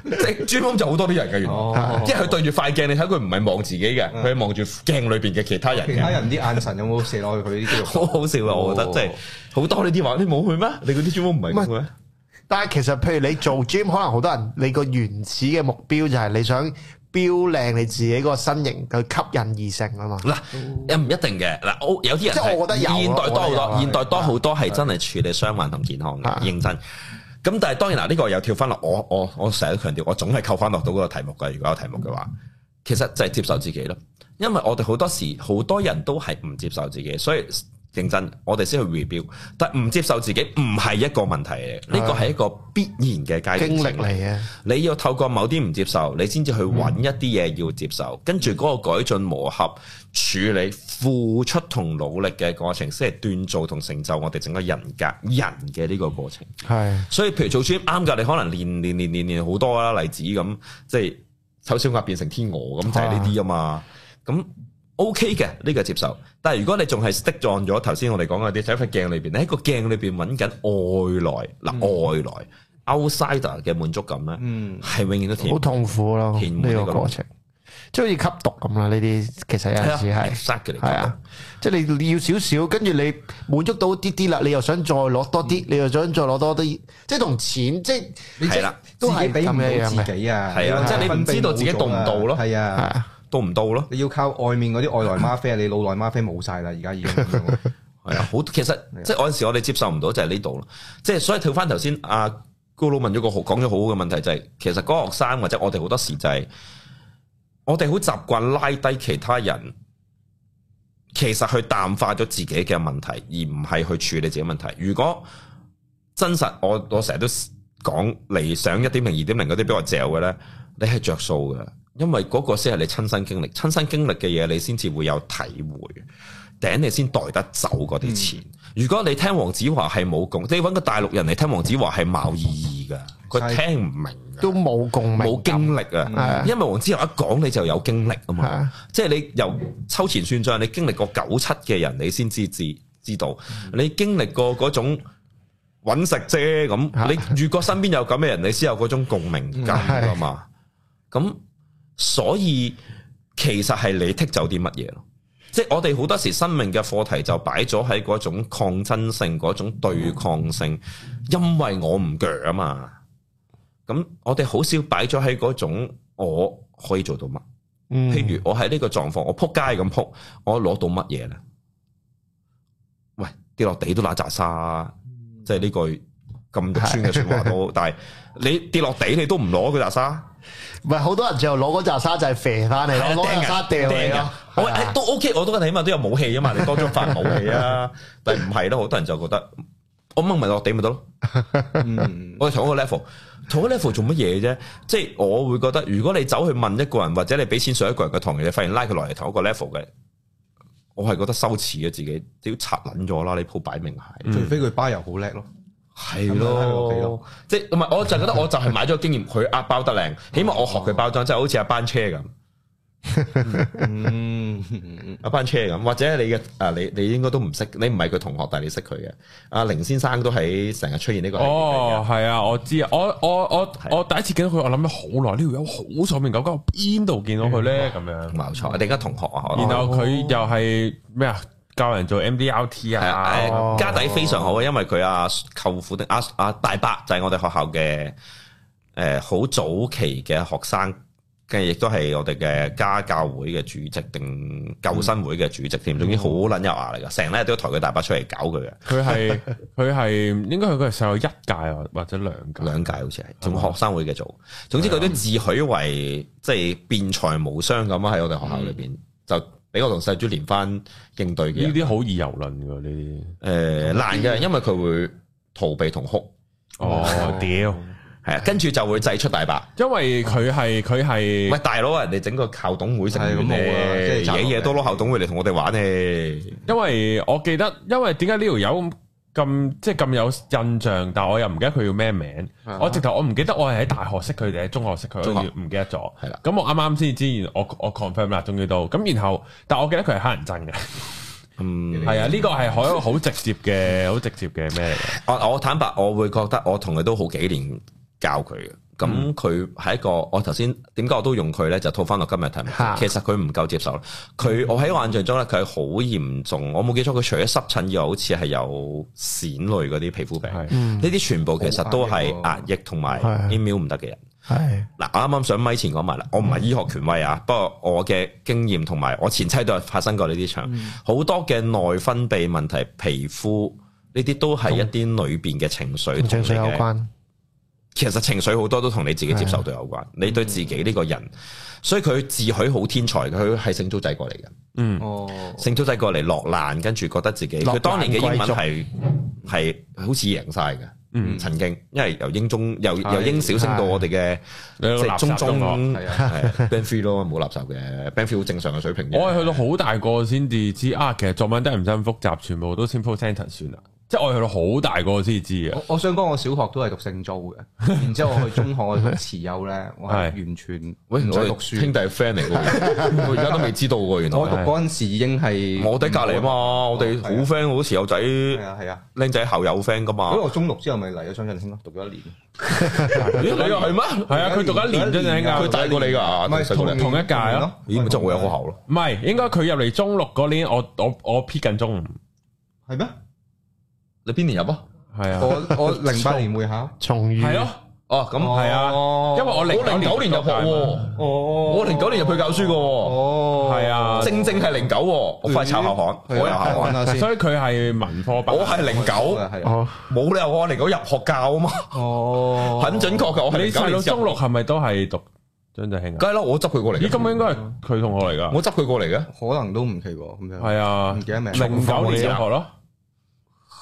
即係 Gym 就好多啲人嘅，原來即係佢對住塊鏡，你睇佢唔係望自己嘅，佢係望住鏡裏邊嘅其他人。其他人啲眼神有冇射落去佢呢啲？好 好笑啊！哦，我覺得即係好多呢啲話，你冇去咩？你嗰啲 Gym 唔係咩？但係其實，譬如你做 Gym，可能好多人，你個原始嘅目標就係你想。標靚你自己個身形去吸引異性啊嘛，嗱又唔一定嘅，嗱有啲人即係我覺得，我覺得現代多好多，現代多好多係真係處理傷患同健康嘅的認真。咁但係當然啦呢，這個又跳翻落我我我成日都強調，我，我，我，我總係扣翻落到嗰個題目㗎。如果有題目嘅話，其實就係接受自己咯，因為我哋好多時好多人都係唔接受自己，所以。認真，我哋先去 rebuild，但唔接受自己唔係一個問題嚟，呢個係一個必然嘅階段嚟嘅。你要透過某啲唔接受，你先至去揾一啲嘢要接受，跟住嗰個改進磨合、處理、付出同努力嘅過程，先係鍛造同成就我哋整個人格人嘅呢個過程。係是，所以譬如做穿啱㗎，你可能練練練練練好多啦例子咁，即係醜小鴨變成天鵝咁，就係呢啲啊嘛，咁。O K 嘅呢個接受，但係如果你仲係 Stick 撞咗頭先我哋講嘅啲，睇塊鏡裏邊，喺個鏡裏邊揾緊外來嗱外來 outsider 嘅滿足感咧，嗯，係永遠都甜。好痛苦咯，甜呢個過程，即係好似吸毒咁啦。呢啲其實有陣時係，係啊，即係你你要少少，跟住你滿足到啲啲啦，你又想再攞多啲，你又想再攞多啲，即係同錢，即係係啦，都係俾唔到自己啊，係啊，即係你唔知道自己動唔到咯，係啊。到唔到咯，你要靠外面嗰啲外來嗎啡，你老外來嗎啡冇晒啦，而家已經係啊， 好，其實即係嗰陣時我哋接受唔到就係呢度咯，即係所以跳翻頭先，阿、啊、高老問咗個講好講咗好好嘅問題，就係、是、其實嗰個學生或者我哋好多時就係、是、我哋好習慣拉低其他人，其實去淡化咗自己嘅問題，而唔係去處理自己問題。如果真實，我我成日都講理想一點零二點零嗰啲俾我嚼嘅咧，你係着數嘅。因為嗰個先係你親身經歷，親身經歷嘅嘢，你先至會有體會，頂你先袋得走嗰啲錢。嗯、如果你聽黃子華係冇共，你揾個大陸人嚟聽黃子華係冇意義噶，佢聽唔明，都冇共鳴冇經歷啊。因為黃子華一講你就有經歷啊嘛，的即係你由秋後算賬，你經歷過九七嘅人，你先知知知道，你經歷過嗰種揾食啫。咁你如果身邊有咁嘅人，你先有嗰種共鳴感噶嘛。咁的所以其實係你剔走啲乜嘢咯？即係我哋好多時生命嘅課題就擺咗喺嗰種抗爭性、嗰種對抗性，因為我唔鋸啊嘛。咁我哋好少擺咗喺嗰種我可以做到乜？嗯、譬如我喺呢個狀況，我撲街咁撲，我攞到乜嘢咧？喂，跌落地都揦扎沙，嗯、即係呢句咁酸嘅說話都。 但係你跌落地，你都唔攞佢扎沙。唔係好多人就攞嗰紮沙就係飛翻嚟，攞沙掟掟咯。我都 OK，我都起碼都有武器啊嘛，你多咗發武器啊。 但唔係咯，好多人就覺得我掹埋落地咪得咯。我、嗯、我同一個 level，同一個 level 做乜嘢啫？即係我會覺得，如果你走去問一個人，或者你俾錢上一個人個堂，你發現拉佢落嚟同一個 level 嘅，我係覺得羞恥嘅自己，都要插撚咗啦！你鋪擺明係，除、嗯嗯、非佢巴友好叻咯。係咯，即係唔係？我就覺得我就係買咗個經驗，佢壓包得靚，起碼我學佢包裝，即係好似阿班車咁，阿班車咁，或者你嘅啊，你你應該都唔識，你唔係佢同學，但係你識佢嘅。阿凌先生都喺成日出現呢個，哦，係啊，我知啊，我我我我第一次見到佢，我諗咗好耐，呢條友好上面咁，我邊度見到佢咧？咁樣冇錯，我哋而家同學啊，然後佢又係咩啊？教人做 MDRT 啊，啊！家底非常好，啊，因為佢啊舅父的阿阿大伯就係我哋學校嘅誒好早期嘅學生，跟住亦都係我哋嘅家教會嘅主席定救生會嘅主席添，總之好捻有壓力噶，成日都抬佢大伯出嚟搞佢嘅。佢係佢係應該佢係上有一屆啊或者兩屆，兩屆好似係做學生會嘅組。嗯、總之佢、啊、都自詡為即係辯才無雙咁啊！喺我哋學校裏邊、嗯、就。俾我同細豬連翻應對嘅，呢啲好易遊論嘅呢啲，誒、呃、難嘅，因為佢會逃避同哭。哦屌，係啊， 跟住就會祭出大白，因為佢係佢係，喂大佬啊！人哋整個校董會成嘢、啊，嘢你都攞校董會嚟同我哋玩呢。因為我記得，因為點解呢條友？咁即係咁有印象，但係我又唔記得佢叫咩名。啊、我直頭我唔記得我係喺大學識佢定喺中學識佢，唔學記得咗。咁的我啱啱先知，我我 confirm 啦，終於都。咁然後，但我記得佢係黑人憎嘅。嗯，係啊，呢、這個係我一個好直接嘅，好直接嘅咩嚟嘅？我我坦白，我會覺得我同佢都好幾年教佢嘅。咁佢係一個，我頭先點解我都用佢咧？就套翻落今日題，其實佢唔夠接受。佢我喺印象中咧，佢好嚴重。我冇記錯，佢除咗濕疹以外，又好似係有蘚類嗰啲皮膚病。呢啲的全部其實都係壓抑同埋 immune 唔得嘅人。係嗱，啱啱上咪前講埋啦。我唔係醫學權威啊，嗯、不過我嘅經驗同埋我前妻都有發生過呢啲場。好、嗯、多嘅內分泌問題、皮膚呢啲都係一啲裏邊嘅情緒同，情緒同情緒有關。其實情緒好多都同你自己接受度有關，是的 你對自己呢個人，所以佢自詡好天才，佢係聖祖仔過嚟嘅。嗯，哦，聖祖仔過嚟、嗯、落難，跟住覺得自己，佢當年嘅英文係係好似贏晒嘅。嗯，曾經，因為由英中由由英小升到我哋嘅中中，係啊，band three 咯，冇垃圾嘅，band three 好正常嘅水平，我係去到好大個先至知啊，其實作文真係唔使複雜，全部都 simple sentence 算啦。即係我去到好大個先知嘅。我想講，我小學都係讀聖周嘅，然之後我去中學我都慈幼咧，我係完全，喂唔使讀書。兄弟 friend 嚟嘅，我而家都未知道喎。原來我讀嗰陣時已經係我哋隔籬啊嘛，我哋好 friend，我慈幼仔係啊係啊，僆仔校友 friend 噶嘛。咁我中六之後咪嚟咗張振興咯，讀咗一年。你又係咩？係啊，佢讀一年啫，佢大過你噶，同同一屆咯。咦，咁就我有好厚咯。唔係，應該佢入嚟中六嗰年，我我我 P 緊中，係咩？你邊年入咯？係啊，我我零八年會考重遇係咯。哦，咁係啊，因為我零零九年入學，我零九年入去教書噶。哦，係啊，正正係零九，我快查下看，我又查下先。所以佢係文科班，我係零九，冇理由我零九入學教啊嘛。哦，很準確噶。你細佬中六係咪都係讀張振興啊？梗係咯，我執佢過嚟。咦，根本應該係佢同學嚟噶。我執佢過嚟嘅，可能都唔奇怪咁樣。係啊，唔記得名。零九年入學咯。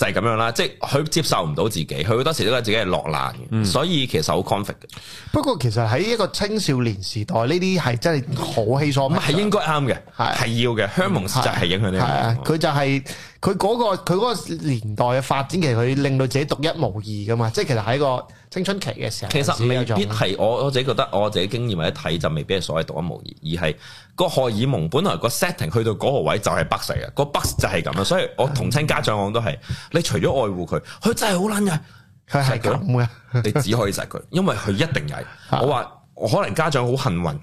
就係咁樣啦，即係佢接受唔到自己，佢好多時都覺得自己係落難嘅。嗯、所以其實好 conflict 不過其實喺一個青少年時代，呢啲係真係好稀疏，唔係應該啱嘅，係係的要嘅。荷爾蒙就係影響呢啲。啊，佢就係、係。佢嗰個佢嗰個年代嘅發展，其實佢令到自己獨一無二噶嘛，即係其實喺個青春期嘅時候，其實未必係我我自己覺得我自己經驗或者睇就未必係所謂獨一無二，而係個荷爾蒙本來個 setting 去到嗰個位就係 bug 嘅，個 bug 就係咁啊，所以我同親家長講都係，你除咗愛護佢，佢真係好撚嘅，佢係咁嘅， 你只可以錫佢，因為佢一定曳。我話我可能家長好幸運，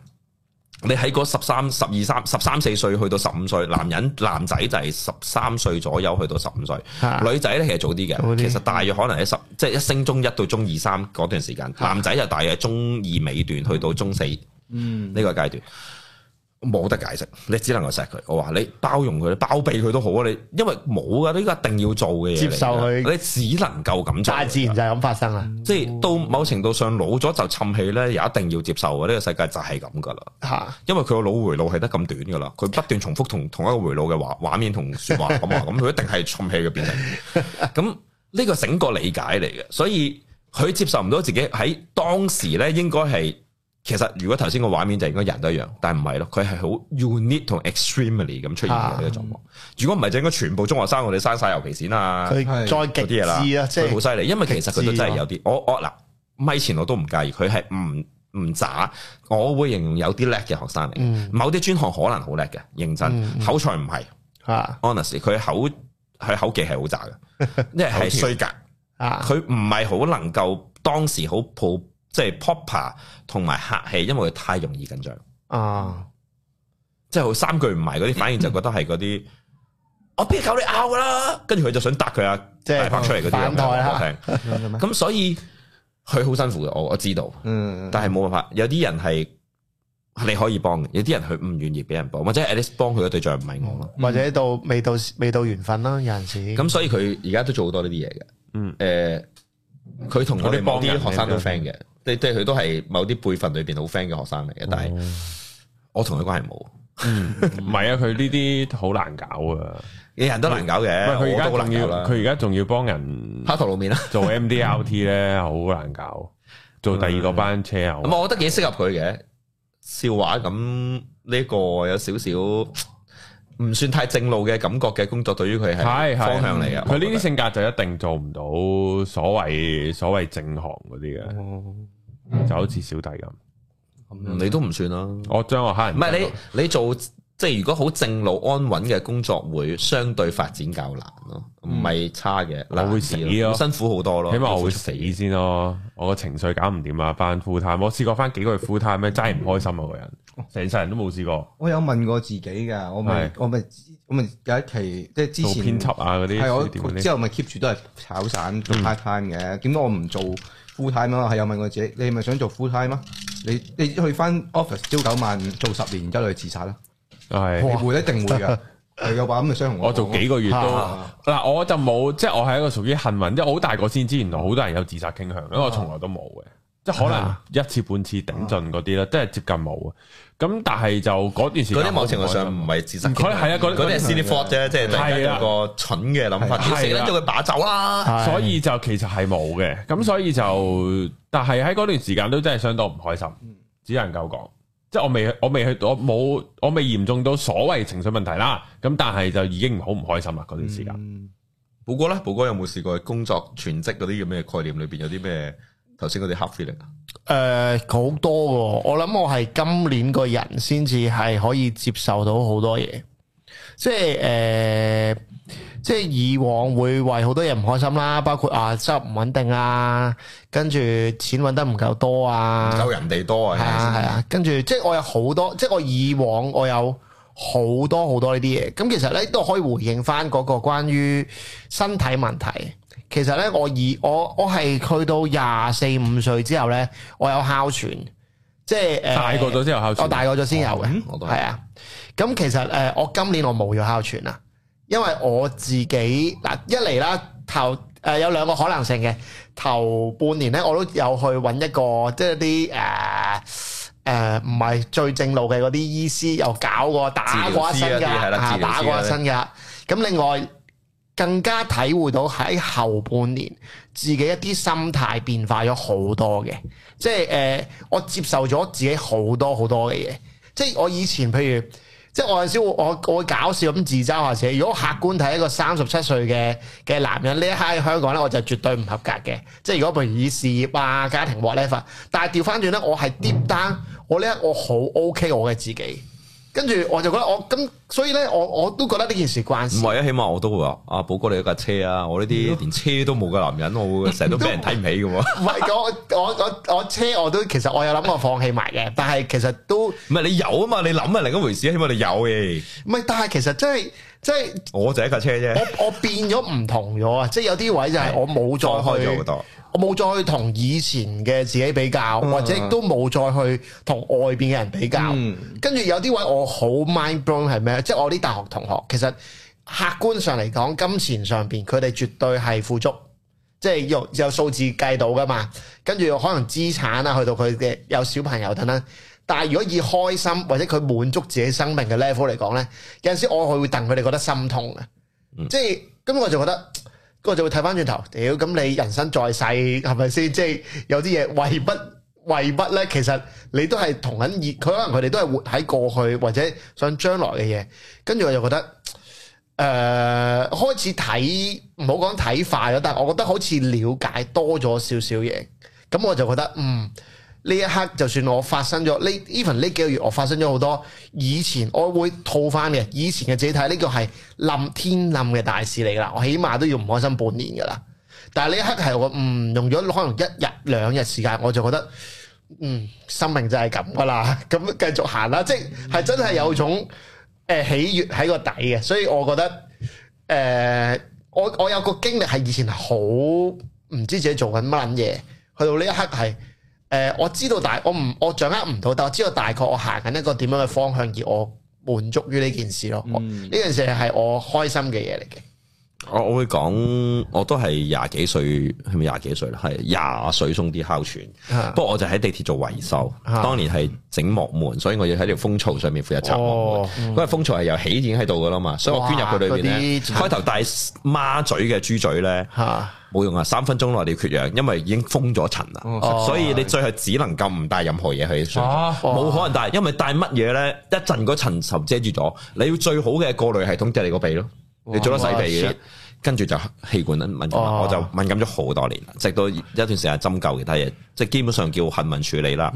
你喺十三、十二三、十三四歲去到十五歲，男人男仔就係十三歲左右去到十五歲，啊、女仔咧其實早啲嘅，其實大約可能喺十，即係一升中一到中二三嗰段時間，啊、男仔就大約中二尾段去到中四，嗯，呢個階段。嗯冇得解釋，你只能夠錫佢。我話你包容佢，包庇佢都好啊。你因為冇噶，你依家一定要做嘅嘢，接受佢。你只能夠咁做。大自然就係咁發生啊。即係到某程度上老咗就沉氣咧，也一定要接受嘅。呢、這個世界就係咁噶啦。吓，因為佢個腦回路係得咁短噶啦，佢不斷重複同同一個回路嘅畫畫面同說話咁啊，咁佢 一定係沉氣嘅變成。咁呢個整個理解嚟嘅，所以佢接受唔到自己喺當時咧，應該係。其實如果頭先個畫面就應該人都一樣，但係唔係咯，佢係好 unique 同 extremely 咁出現嘅呢個狀況。如果唔係，就應該全部中學生我哋刪晒，尤其是啦，佢再極致啦，即係好犀利。因為其實佢都真係有啲，我我嗱，咪前我都唔介意，佢係唔唔渣，我會形容有啲叻嘅學生嚟。某啲專項可能好叻嘅，認真口才唔係，honest，佢口佢口技係好渣嘅，因為係衰格。佢唔係好能夠當時好抱。即係 popper 同埋客氣，因為佢太容易緊張。啊！即係三句唔埋嗰啲，反而就覺得係嗰啲我邊夠你拗㗎啦，跟住佢就想答佢啊，即係發出嚟嗰啲咁，所以佢好辛苦嘅，我我知道。嗯，但係冇辦法，有啲人係你可以幫嘅，有啲人佢唔願意俾人幫，或者 at least 幫佢嘅對象唔係我咯，或者到未到未到緣分啦，有陣時。咁所以佢而家都做好多呢啲嘢嘅。嗯，誒，佢同我哋幫啲學生都 friend 嘅。對對，佢都係某啲輩份裏邊好 friend 嘅學生嚟嘅，但係我同佢關係冇。唔係啊，佢呢啲好難搞啊，嘢人都難搞嘅。佢而家仲要佢而家仲要幫人拋頭露面啊，做 MDRT 咧，好難搞。做第二個班車啊，咁我覺得幾適合佢嘅。笑話咁，呢個有少少唔算太正路嘅感覺嘅工作，對於佢係方向嚟嘅。佢呢啲性格就一定做唔到所謂所謂正行嗰啲嘅。就好似小弟咁，你都唔算啦。我將我慳唔係你，你做即係如果好正路安穩嘅工作，會相對發展較難咯，唔係差嘅。我會死，辛苦好多咯，起碼我會死先咯。我個情緒搞唔掂啊，扮 full time，我試過翻幾個月 full time，咩齋唔開心啊，個人成世人都冇試過。我有問過自己噶，我咪我咪我咪有一期即係之前做編輯啊嗰啲，之後咪 keep 住都係炒散做 part time 嘅，點解我唔做？full time 嘛係有問過自己，你係咪想做 full time 你你去翻 office 朝九晚五做十年，然之後去自殺啦，係哇會一定會嘅。 有話咁嘅雙重。我做幾個月都嗱， 我就冇即係我係一個屬於幸運，即係好大個先知，原來好多人有自殺傾向，因為我從來都冇嘅。 即係可能一次半次頂盡嗰啲咧，即係接近冇啊。咁但係就嗰段時間，嗰啲某程度上唔係自實。佢係啊，嗰啲係先啲 thought 啫，即係係啊個蠢嘅諗法。要死咧，就去把酒啦。所以就其實係冇嘅。咁所以就，但係喺嗰段時間都真係相當唔開心。只能夠講，即係我未我未去，我冇我未嚴重到所謂情緒問題啦。咁但係就已經好唔開心啦。嗰段時間。寶哥咧，寶哥有冇試過工作全職嗰啲咁嘅概念裏邊有啲咩？頭先嗰啲黑 feel 嚟？誒，好、呃、多喎！我諗我係今年個人先至係可以接受到好多嘢，即係誒、呃，即係以往會為好多嘢唔開心啦，包括啊收入唔穩定啊，是是跟住錢搵得唔夠多啊，唔夠人哋多啊，係啊，跟住即係我有好多，即係我以往我有好多好多呢啲嘢。咁其實咧都可以回應翻嗰個關於身體問題。其實咧，我以我我係去到廿四五歲之後咧，我有哮喘，即係誒大個咗之後哮喘，我大個咗先有嘅，係啊。咁其實誒，我今年我冇咗哮喘啦，因為我自己嗱一嚟啦，頭誒有兩個可能性嘅，頭半年咧我都有去揾一個即係啲誒誒唔係最正路嘅嗰啲醫師，又搞過打過一針噶吓，打過一針噶。咁另外。更加體會到喺後半年自己一啲心態變化咗好多嘅，即係誒、呃，我接受咗自己好多好多嘅嘢，即係我以前譬如，即係我有時我我會搞笑咁自嘲下自己。如果客觀睇一個三十七歲嘅嘅男人呢一刻喺香港咧，我就絕對唔合格嘅。即係如果譬如以事業啊、家庭 whatever，但係調翻轉咧，我係 deep down，我呢一我好 OK 我嘅自己。跟住我就覺得我咁，所以咧我我都覺得呢件事關事。唔係啊，起碼我都話阿寶哥你一架車啊，我呢啲連車都冇嘅男人，人都， 我會成日都俾人睇唔起嘅喎。唔係我我我我車我都其實我有諗過放棄埋嘅，但係其實都唔係你有啊嘛，你諗係另一回事，起碼你有嘅。唔係，但係其實真係真係，我 就一架車啫。我我變咗唔同咗啊，即係有啲位就係我冇再去再開咗好多。我冇再去同以前嘅自己比較，或者都冇再去同外邊嘅人比較。跟住、嗯、有啲位我好 mind blown 係咩？即係我啲大學同學，其實客觀上嚟講，金錢上邊佢哋絕對係富足，即係用有，有數字計到㗎嘛。跟住可能資產啊，去到佢嘅有小朋友等啦。但係如果以開心或者佢滿足自己生命嘅 level 嚟講呢，有陣時我係會戥佢哋覺得心痛嘅。嗯、即係咁，我就覺得。我就會睇翻轉頭，屌咁你人生在世係咪先？即係有啲嘢為不？為不呢？其實你都係同緊熱，佢可能佢哋都係活喺過去或者想將來嘅嘢。跟住我就覺得，誒、呃、開始睇唔好講睇化咗，但係我覺得好似了解多咗少少嘢，咁我就覺得嗯。呢一刻就算我發生咗呢，even 呢幾個月我發生咗好多，以前我會套翻嘅，以前嘅自己睇呢個係冧天冧嘅大事嚟噶啦，我起碼都要唔開心半年噶啦。但係呢一刻係我唔、嗯、用咗可能一日兩日時間，我就覺得嗯，生命就係咁噶啦，咁 繼續行啦。即係真係有種誒喜悅喺個底嘅，所以我覺得誒、呃、我我有個經歷係以前好唔知自己做緊乜撚嘢，去到呢一刻係。誒、呃，我知道大，我唔，我掌握唔到，但我知道大概我行緊一個點樣嘅方向，而我滿足於呢件事咯。呢件事係我開心嘅嘢嚟嘅。我我會講，我都係廿幾歲，係咪廿幾歲啦？係廿歲鬆啲哮喘，的不過我就喺地鐵做維修，的當年係整幕門，所以我要喺條風槽上面負責拆幕門。因為風、哦嗯、槽係由起點喺度噶啦嘛，所以我捐入去裏邊咧。開頭帶孖嘴嘅豬嘴咧。冇用啊！三分鐘內你要缺氧，因為已經封咗塵啦，哦、所以你最後只能夠唔帶任何嘢去，冇、哦、可能帶，因為帶乜嘢咧？一陣嗰塵塵遮住咗，你要最好嘅過濾系統就係你個鼻咯，你做得洗鼻嘅。跟住就氣管敏感，我就敏感咗好多年啦。直到一段時間針灸其他嘢，即係基本上叫恆敏處理啦。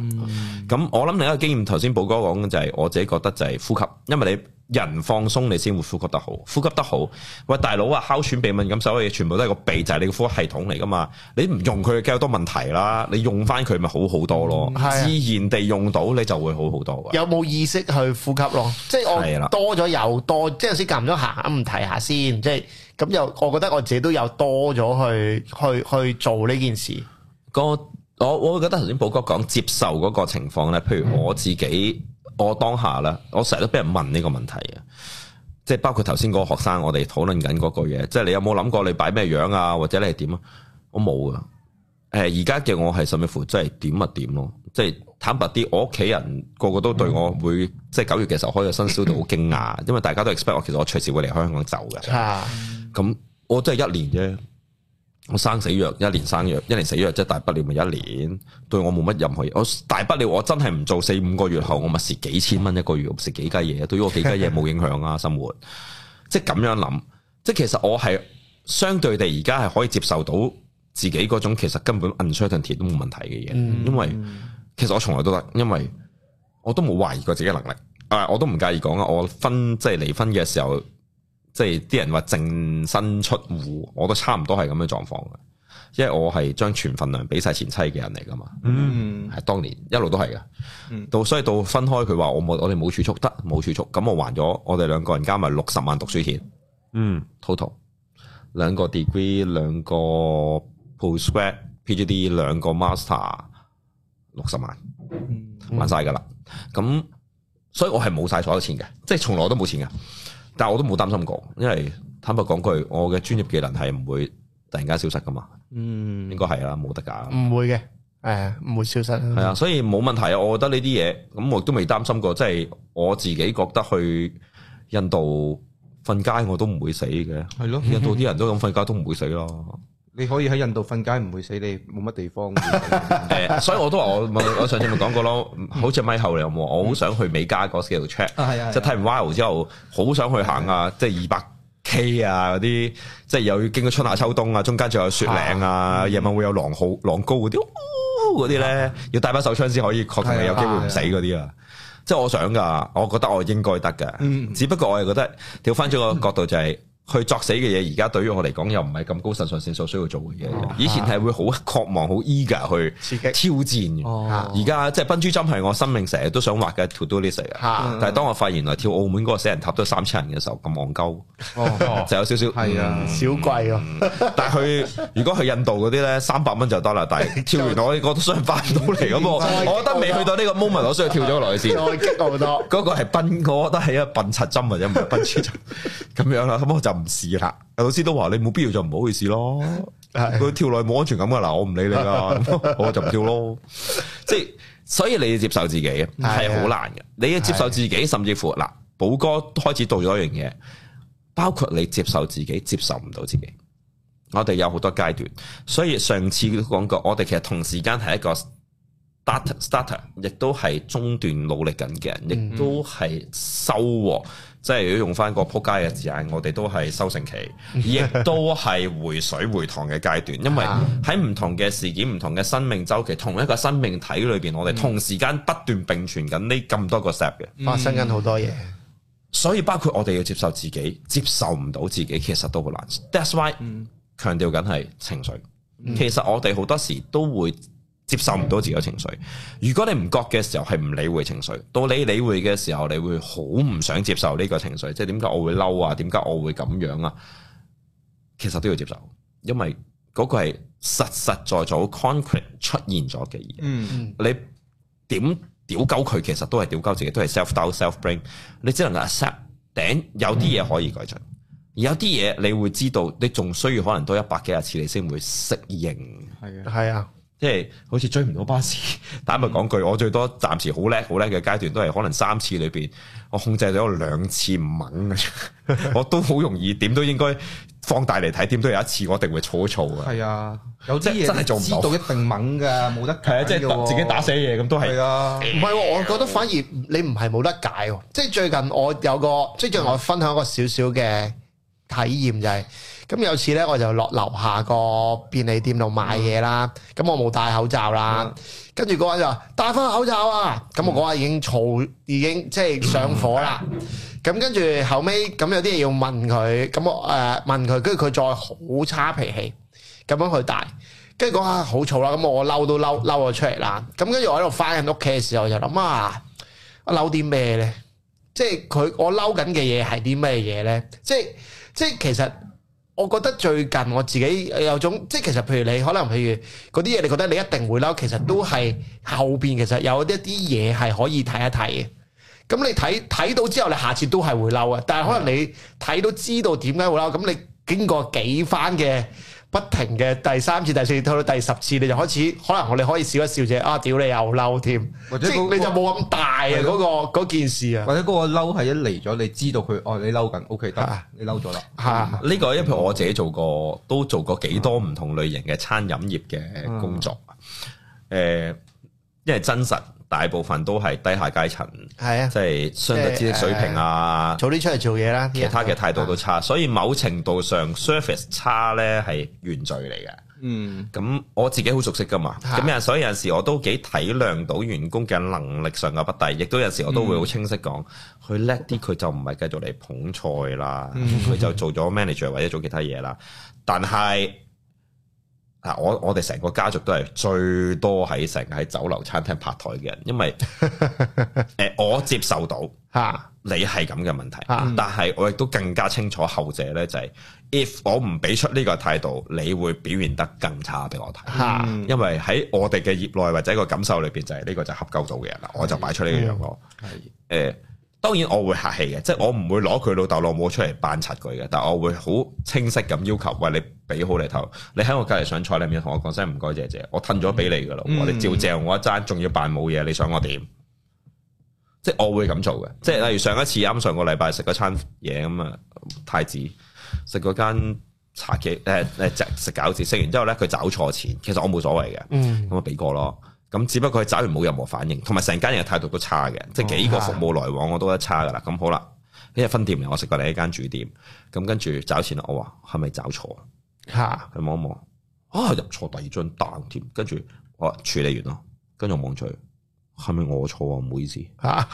咁、嗯、我諗另一個經驗，頭先寶哥講嘅就係、是、我自己覺得就係呼吸，因為你人放鬆你先會呼吸得好，呼吸得好。喂，大佬啊，哮喘鼻敏感，所有嘢全部都係個鼻，就係、是、你個呼吸系統嚟噶嘛。你唔用佢，梗係多問題啦。你用翻佢，咪好好多咯。嗯啊、自然地用到，你就會好好多。有冇意識去呼吸咯？即係我多咗又多，即係先夾唔到行，咁提下先，即係。咁又，我覺得我自己都有多咗去去去做呢件事。嗰個我我覺得頭先寶哥講接受嗰個情況咧，譬如我自己，我當下啦，我成日都俾人問呢個問題嘅，即係包括頭先嗰個學生，我哋討論緊嗰個嘢，即係你有冇諗過你擺咩樣啊，或者你係點啊？我冇啊。誒，而家嘅我係甚至乎即係點啊點咯，即係坦白啲，我屋企人個個都對我會、嗯、即係九月嘅時候開個新書都好驚訝，因為大家都 expect 我其實我隨時會離開香港走嘅。 咁我都係一年啫，我生死約，一年生約，一年死約，即係大不了咪一年，對我冇乜任何，我大不了我真係唔做四五個月後，我咪蝕幾千蚊一個月，蝕幾雞嘢，對於我幾雞嘢冇影響啊，生活，即係咁樣諗，即係其實我係相對地而家係可以接受到自己嗰種其實根本 uncertainty 都冇問題嘅嘢，因為其實我從來都得，因為我都冇懷疑過自己能力，啊，我都唔介意講啊，我分即係離婚嘅時候。即係啲人話淨身出戶，我都差唔多係咁嘅狀況嘅，因為我係將全份糧俾晒前妻嘅人嚟噶嘛，係、嗯、當年一路都係嘅，嗯、到所以到分開佢話我冇我哋冇儲蓄得冇儲蓄，咁我還咗我哋兩個人加埋六十萬讀書錢，嗯，total 兩個 degree 兩個 postgrad P G D 兩個 master 六十萬還晒噶啦，咁、嗯、所以我係冇晒所有錢嘅，即係從來都冇錢噶。但係我都冇擔心過，因為坦白講句，我嘅專業技能係唔會突然間消失㗎嘛。嗯，應該係啦，冇得假。唔會嘅，誒、啊，唔會消失。係啊，所以冇問題啊。我覺得呢啲嘢，咁我都未擔心過。即係我自己覺得去印度瞓街，我都唔會死嘅。係咯，是的，嗯哼，印度啲人都咁瞓街，都唔會死咯。你可以喺印度瞓街唔會死，你冇乜地方。誒，所以我都話我我上次咪講過咯，好似咪後嚟有冇？我好想去美加嗰時度 check，即係睇完 YO 之後，好想去行啊，即係二百 K 啊嗰啲，即係又要經過春夏秋冬啊，中間仲有雪嶺啊，夜晚會有狼好狼高嗰啲，啲咧要帶把手槍先可以確定係有機會唔死嗰啲啊！即係我想噶，我覺得我應該得噶，只不過我又覺得調翻咗個角度就係。去作死嘅嘢，而家對於我嚟講又唔係咁高腎上腺素需要做嘅嘢。以前係會好渴望、好 eager 去挑戰。而家即係奔珠針係我生命成日都想畫嘅。To do list。但係當我發現原來跳澳門嗰個死人塔都三千人嘅時候，咁戇鳩，就有少少係啊，少貴啊。但係去如果去印度嗰啲咧，三百蚊就得啦。但係跳完我都想翻到嚟，咁我覺得未去到呢個 moment，我需要跳咗落去先。刺激好多。嗰個係奔，我覺得係一個奔柒針或者唔係奔珠針咁樣啦。咁我就。唔試啦，老師都話你冇必要就唔好 去試咯。佢跳落冇安全感噶，嗱，我唔理你啦，我就唔跳咯。即係所以你要接受自己係好難嘅，是啊，你要接受自己，甚至乎嗱，寶哥開始做咗一樣嘢，包括你接受自己，接受唔到自己。我哋有好多階段，所以上次都講過，我哋其實同時間係一個。start starter Star 亦都係中段努力緊嘅人，亦都係收穫。嗯、即係如果用翻個仆街嘅字眼，嗯、我哋都係收成期， 亦都係回水回塘嘅階段。因為喺唔同嘅事件，唔同嘅生命周期、同一個生命體裏邊，我哋同時間不斷並存緊呢咁多個 step 嘅，發生緊好多嘢。所以包括我哋要接受自己，接受唔到自己，其實都好難。That's why 強調緊係情緒。其實我哋好多時都會。接受唔到自己嘅情緒，如果你唔覺嘅時候係唔理會情緒，到你理會嘅時候，你會好唔想接受呢個情緒。即係點解我會嬲啊？點解我會咁樣啊？其實都要接受，因為嗰個係實實在在、concrete 出現咗嘅嘢。嗯，你點屌鳩佢，其實都係屌鳩自己，都係 self doubt、self blame。你只能夠 accept 頂，有啲嘢可以改進，而有啲嘢你會知道，你仲需要可能多一百幾廿次，你先會適應。係啊，係啊。即係好似追唔到巴士，坦白講句，我最多暫時好叻好叻嘅階段，都係可能三次裏邊，我控制咗兩次唔猛， 我都好容易，點都應該放大嚟睇，點都有一次我一定會錯一錯啊！係啊，有啲嘢真係做唔到，知道一定猛㗎，冇得解、啊、即係自己打死嘢咁都係。係是啊、呃、啊，唔係我覺得反而你唔係冇得解喎，即係最近我有個即係最近我分享一個少少嘅體驗就係、是。咁有次咧，我就落樓下個便利店度買嘢啦。咁我冇戴口罩啦，跟住嗰下就話戴翻口罩啊！咁我嗰下已經燥，已經即係上火啦。咁跟住後尾，咁有啲嘢要問佢，咁我誒、呃、問佢，跟住佢再好差脾氣，咁樣佢戴，跟住嗰下好燥啦。咁我嬲都嬲，嬲咗出嚟啦。咁跟住我喺度翻緊屋企嘅時候，我就諗啊，我嬲啲咩咧？即係佢我嬲緊嘅嘢係啲咩嘢咧？即係即係其實。我覺得最近我自己有種，即係其實譬如你可能譬如嗰啲嘢，你覺得你一定會嬲，其實都係後邊其實有一啲嘢係可以睇一睇嘅。咁你睇睇到之後，你下次都係會嬲呀。但係可能你睇到知道點解會嬲，咁你經過幾番嘅。不停嘅第三次、第四次，到到第十次，你就開始可能我哋可以笑一笑啫。啊，屌你又嬲添，即係、嗰個、你就冇咁大啊嗰個、嗰個、嗰件事啊，或者嗰個嬲係一嚟咗，你知道佢哦你嬲緊，OK 得，你嬲咗啦。嚇、okay，啊，呢個因為我自己做過，都做過幾多唔同類型嘅餐飲業嘅工作，誒、嗯，因為真實。大部分都係低下階層，係啊，即係相對知識水平啊，啊啊早啲出嚟做嘢啦。其他嘅態度都差，啊、所以某程度上 service 差呢係原罪嚟嘅。嗯，咁我自己好熟悉噶嘛，咁啊，所以有陣時我都幾體諒到員工嘅能力上嘅不低，亦都有陣時我都會好清晰講，佢叻啲佢就唔係繼續嚟捧菜啦，佢、嗯、就做咗 manager 或者做其他嘢啦，但係。啊！我我哋成個家族都係最多喺成日喺酒樓餐廳拍台嘅人，因為誒、 呃、我接受到吓，你係咁嘅問題， 但係我亦都更加清楚後者呢、就是，就係 ，if 我唔俾出呢個態度，你會表現得更差俾我睇， 因為喺我哋嘅業內或者個感受裏邊就係、是、呢、這個就合夠到嘅人啦， 我就擺出呢個樣咯，係誒。當然我會客氣嘅，即係我唔會攞佢老豆老母出嚟扮柒佢嘅，但係我會好清晰咁要求，喂你俾好你頭，你喺我隔籬上菜裏面同我講聲唔該，姐姐，我褪咗俾你噶啦，我哋、嗯、照正我一揸，仲要扮冇嘢，你想我點？即係我會咁做嘅，即係例如上一次，啱、嗯、上個禮拜食咗餐嘢咁啊，太子食嗰間茶記誒誒食食餃子，食完之後咧佢找錯錢，其實我冇所謂嘅，咁我俾過咯。咁只不過佢找完冇任何反應，同埋成間人嘅態度都差嘅，哦、即係幾個服務來往我都一差噶啦。咁、哦、好啦，呢日分店嚟，我食過你一間主店。咁跟住找錢啦，我話係咪找錯？吓、啊，佢望一望，啊入錯第二張單添。跟住我話處理完咯，跟住我望住，係咪我錯啊？唔好意思，吓、啊，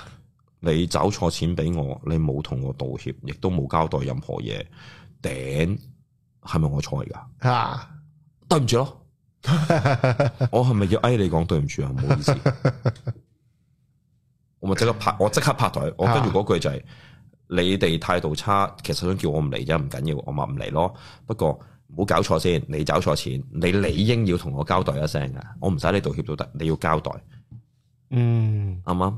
你找錯錢俾我，你冇同我道歉，亦都冇交代任何嘢。頂，係咪我錯㗎？吓、啊，對唔住咯。 我係咪要嗌你講對唔住啊？唔好意思， 我咪即刻拍，我即刻拍台。我跟住嗰句就係、是：啊、你哋態度差，其實想叫我唔嚟啫，唔緊要，我咪唔嚟咯。不過唔好搞錯先，你找錯錢，你理應要同我交代一聲噶。我唔使你道歉都得，你要交代。嗯，啱啱，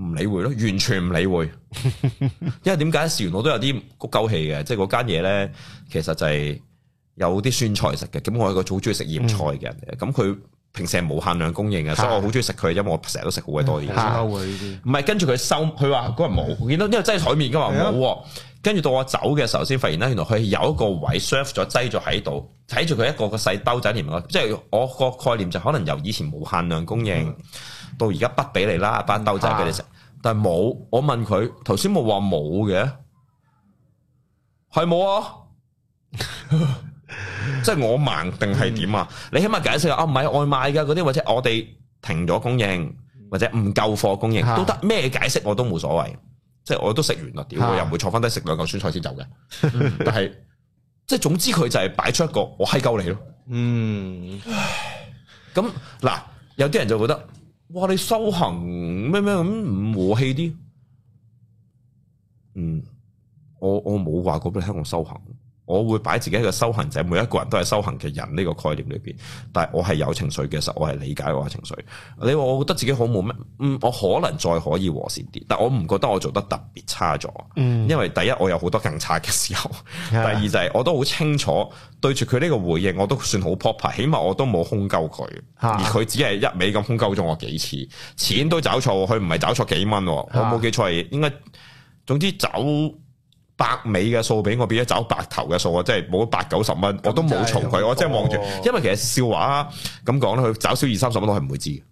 唔理會咯，完全唔理會。 因為點解？事完我都有啲谷鳩氣嘅，即係嗰間嘢咧，其實就係、是。有啲酸菜食嘅，咁我係個好中意食醃菜嘅人，咁佢，嗯，平時係冇限量供應嘅，嗯，所以我好中意食佢，因為我成日都食好鬼多嘢，唔係，嗯嗯、跟住佢收，佢話嗰日冇，我見到因為擠喺台面噶嘛冇，嗯，跟住到我走嘅時候先發現咧，原來佢有一個位 shift 咗擠咗喺度，睇住佢一個個細兜仔嚟，即係我個概念就可能由以前冇限量供應到而家不俾你啦，班兜仔俾你食，但係冇，我問佢頭先冇話冇嘅，係冇啊。 即係我盲定係點啊？你起碼解釋啊，唔係外賣嘅嗰啲，或者我哋停咗供應，或者唔夠貨供應都得，咩解釋我都冇所謂。即係我都食完啦，屌、啊、我又唔會坐翻低食兩嚿酸菜先走嘅。嗯、但係即係總之佢就係擺出一個我閪鳩你咯。嗯，咁嗱，有啲人就覺得哇，你修行咩咩咁唔和氣啲。嗯，我我冇話過俾你香港修行。我會擺自己一個修行者，每一個人都係修行嘅人呢個概念裏邊，但係我係有情緒嘅時候，我係理解我嘅情緒。你話我覺得自己好冇咩，嗯，我可能再可以和善啲，但我唔覺得我做得特別差咗。嗯，因為第一我有好多更差嘅時候，第二就係我都好清楚對住佢呢個回應，我都算好 proper 起碼我都冇空鳩佢，而佢只係一味咁空鳩咗我幾次，錢都找錯，佢唔係找錯幾蚊，我冇記錯係，應該總之走。百尾嘅數俾我，變咗找白頭嘅數啊！即係冇咗八九十蚊，我都冇嘈佢，我即係望住，因為其實笑話咁講咧，佢找少二三十蚊，我係唔會知，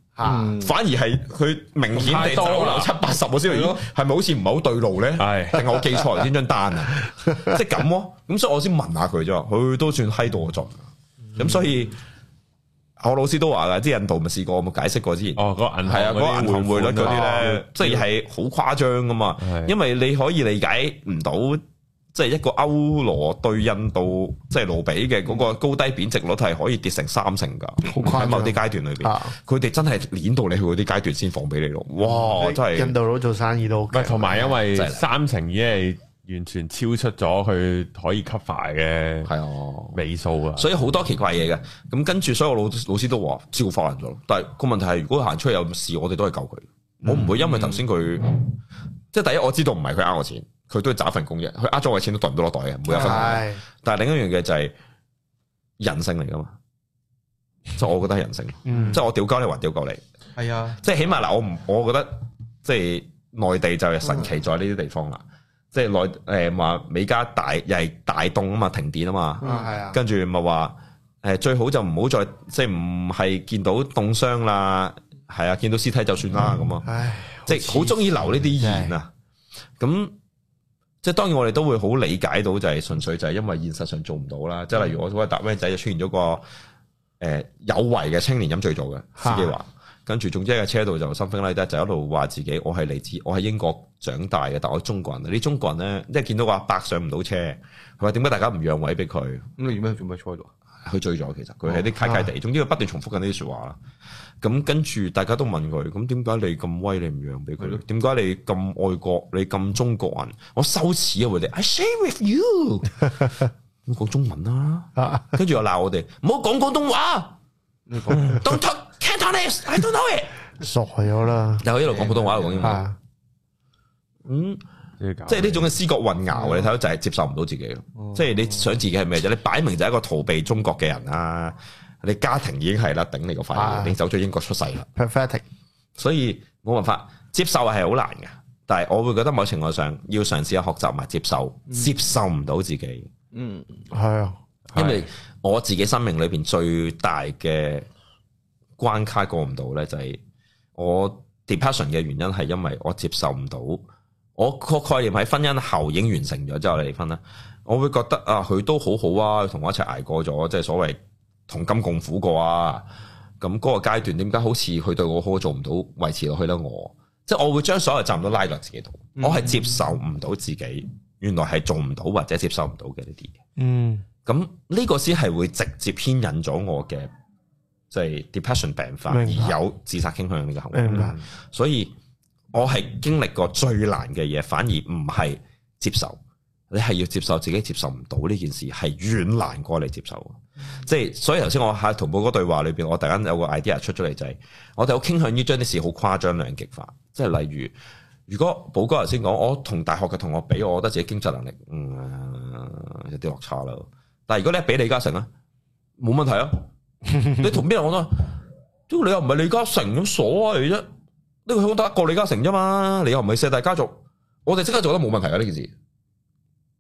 反而係佢明顯地多咗七八十，我先係咯，係咪好似唔係好對路咧？係定係我記錯先張單啊？即係咁，咁所以我先問下佢啫，佢都算嗨到我盡，咁 所以。我老師都話噶即係印度咪試過，冇解釋過之前。哦，嗰個銀行係啊，嗰個銀匯率嗰啲咧，即係好誇張噶嘛。的因為你可以理解唔到，即、就、係、是、一個歐羅兌印度即係盧比嘅嗰個高低貶值率係可以跌成三成噶喺某啲階段裏邊，佢哋、啊、真係捻到你去嗰啲階段先放俾你咯。哇，哇真係！印度佬做生意都唔係，同埋因為三成已經係。完全超出咗佢可以 cover 嘅，係啊，尾數啊，所以好多奇怪嘢嘅。咁跟住，所以我老老師都話照顧人咗。但係個問題係，如果行出去有事，我哋都係救佢。我唔會因為頭先佢，嗯、即係第一我知道唔係佢呃我錢，佢都要找份工啫。佢呃咗我錢都袋唔到落袋嘅，唔會有。係的。但係另一樣嘢就係人性嚟噶嘛，即係我覺得係人性。嗯、即係我屌鳩你還屌鳩你，係啊、嗯。即係起碼嗱，我唔，我覺得即係內地就係神奇在呢啲地方啦。嗯即係內誒話美加大又係大凍啊嘛，停電啊嘛，嗯、跟住咪話誒最好就唔好再即係唔係見到凍傷啦，係啊，見到屍體就算啦咁啊，嗯、即係好中意留呢啲言啊，咁真是 即係當然我哋都會好理解到就係純粹就係因為現實上做唔到啦，即係例如我嗰個達威仔就出現咗個誒、呃、有為嘅青年飲醉咗嘅司機話。跟住，總之喺車度就心聲啦，即係就一路話自己，我係嚟自，我係英國長大嘅，但我中國人。你中國人咧，即係見到個阿伯上唔到車，係咪點解大家唔讓位俾佢？咁你而家做咩坐喺度？佢醉咗，其實佢係啲契契地。總之佢不斷重複緊呢啲說話。咁跟住，大家都問佢，咁點解你咁威你，的你唔讓俾佢咧？點解你咁愛國，你咁中國人？我羞恥啊！我哋，I share with you。咁講 中文啦、啊， 跟住又鬧我哋，唔好講廣東話。I don't know it。傻咗啦！又一路講普通話，又講英文。嗯，即係呢種嘅思覺混淆。你睇到就係接受唔到自己。即係你想自己係咩啫？你擺明就係一個逃避中國嘅人啦。你家庭已經係啦，頂你個肺，你走咗英國出世啦。所以冇辦法，接受係好難嘅。但係我會覺得某程度上要嘗試下學習埋接受，接受唔到自己。嗯，係啊，因為。我自己生命裏邊最大嘅關卡過唔到呢，就係、是、我 depression 嘅原因係因為我接受唔到，我個概念喺婚姻已經完成咗之後你離婚啦，我會覺得啊，佢都好好啊，同我一齊捱過咗，即係所謂同甘共苦過啊，咁嗰個階段點解好似佢對我好做唔到維持落去咧？我，我即係我會將所有責任都拉在自己度，我係接受唔到自己，自己原來係做唔到或者接受唔到嘅呢啲嘢。嗯。咁呢個先係會直接牽引咗我嘅，即係 depression 病發白而有自殺傾向呢個行為。白所以我係經歷過最難嘅嘢，反而唔係接受，你係要接受自己接受唔到呢件事，係遠難過嚟接受。白即係所以頭先我喺同寶哥對話裏邊，我突然有個 idea 出咗嚟，就係我哋好傾向於將啲事好誇張兩極化，即係例如，如果寶哥頭先講，我同大學嘅同學比，我覺得自己經濟能力，嗯，有啲落差咯。嗱，但如果你俾李嘉誠啊，冇問題啊。 你同邊人講啊？如你又唔係李嘉誠咁所嚟啫，呢個響得過李嘉誠啫嘛？你又唔係四大家族，我哋即刻做得冇問題嘅，啊、呢件事。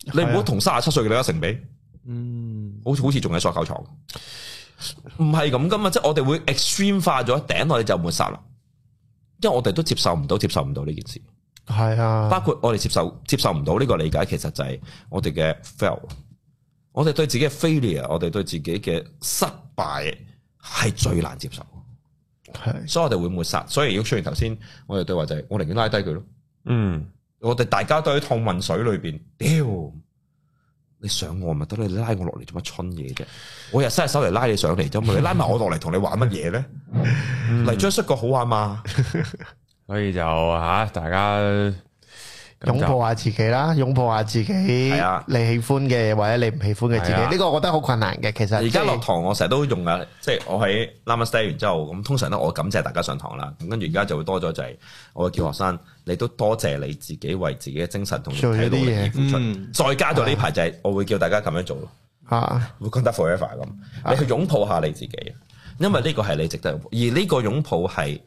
啊、你唔好同三十七歲嘅李嘉誠比，嗯，好似好似仲係塑膠廠。唔係咁噶嘛，即、就、係、是、我哋會 extreme 化咗頂我哋就抹殺啦。因為我哋都接受唔到，接受唔到呢件事。係啊，包括我哋接受接受唔到呢個理解，其實就係我哋嘅 feel。我哋對自己嘅 failure，我哋對自己嘅失敗係最難接受，係是，所以我哋會抹殺。所以要出現頭先我哋對話就係，我寧願拉低佢咯。嗯，我哋大家都喺趟渾水裏邊，屌、嗯、你上岸咪得，你拉我落嚟做乜春嘢啫？我日曬手嚟拉你上嚟，咁你拉埋我落嚟同你玩乜嘢咧？嚟場摔角好玩嘛，嗯、 所以就吓大家。擁抱下自己啦，擁抱下自己，自己啊、你喜歡嘅或者你唔喜歡嘅自己，呢、啊、個我覺得好困難嘅。其實而家落堂，我成日都用啊，即係我喺 Namaste 完之後，咁通常咧，我感謝大家上堂啦。咁跟住而家就會多咗就係、是，我叫學生，你都多謝你自己，為自己嘅精神同體力而付出。嗯、再加咗呢排就係、是，啊、我會叫大家咁樣做咯，會 congrat for ever 咁。你去擁抱下你自己，啊啊、因為呢個係你值得，而呢個擁抱係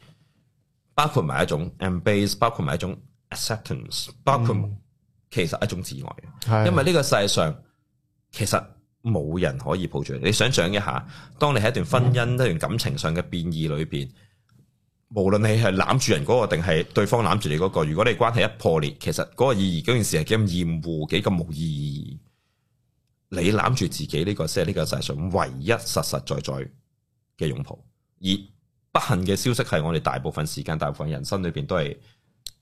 包括埋一種 embrace 包括埋一種。M base, seconds 包括其實一種自愛、嗯、因為呢個世界上其實冇人可以抱住你。你想想一下，當你喺一段婚姻、嗯、一段感情上嘅變異裏邊，無論你係攬住人嗰個定係對方攬住你嗰個，如果你關係一破裂，其實嗰個意義嗰件事係幾咁厭惡，幾咁冇意義。你攬住自己呢個先係呢個世界上唯一實實在在嘅擁抱。而不幸嘅消息係，我哋大部分時間、大部分人生裏邊都係。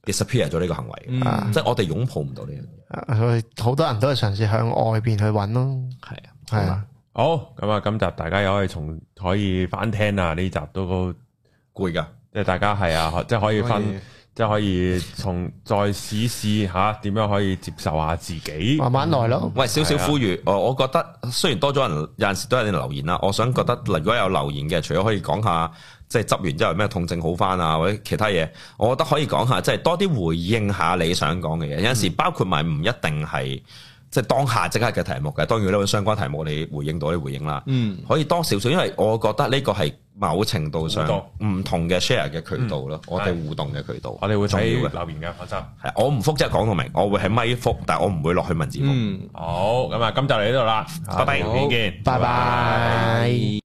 Disappear 咗呢個行為，嗯、即係我哋擁抱唔到呢樣嘢。所以好多人都係嘗試向外邊去揾咯。係啊是，係啊吧。好，咁啊，今集大家又可以從可以翻聽的啊，呢集都攰噶，即係大家係啊，即係可以分，即係可以從再試試吓，點樣可以接受下自己，慢慢來咯。嗯、喂，少少呼籲，我、啊、我覺得雖然多咗人，有陣時都有啲留言啦。我想覺得，如果有留言嘅，除咗可以講下。即係執完之後咩痛症好翻啊，或者其他嘢，我覺得可以講下，即係多啲回應下你想講嘅嘢。嗯、有陣時包括埋唔一定係即係當下即刻嘅題目嘅，當然呢咧，相關題目你回應到你回應啦。嗯，可以多少少，因為我覺得呢個係某程度上唔同嘅 share 嘅渠道咯，我哋互動嘅渠道，嗯、我哋、嗯、以會重要嘅留言嘅，放心以。係惜，我唔復即係講到明，我會喺咪復，但係我唔會落去文字復。嗯、好，咁啊，咁就嚟呢度啦，拜拜，見，拜拜。拜拜。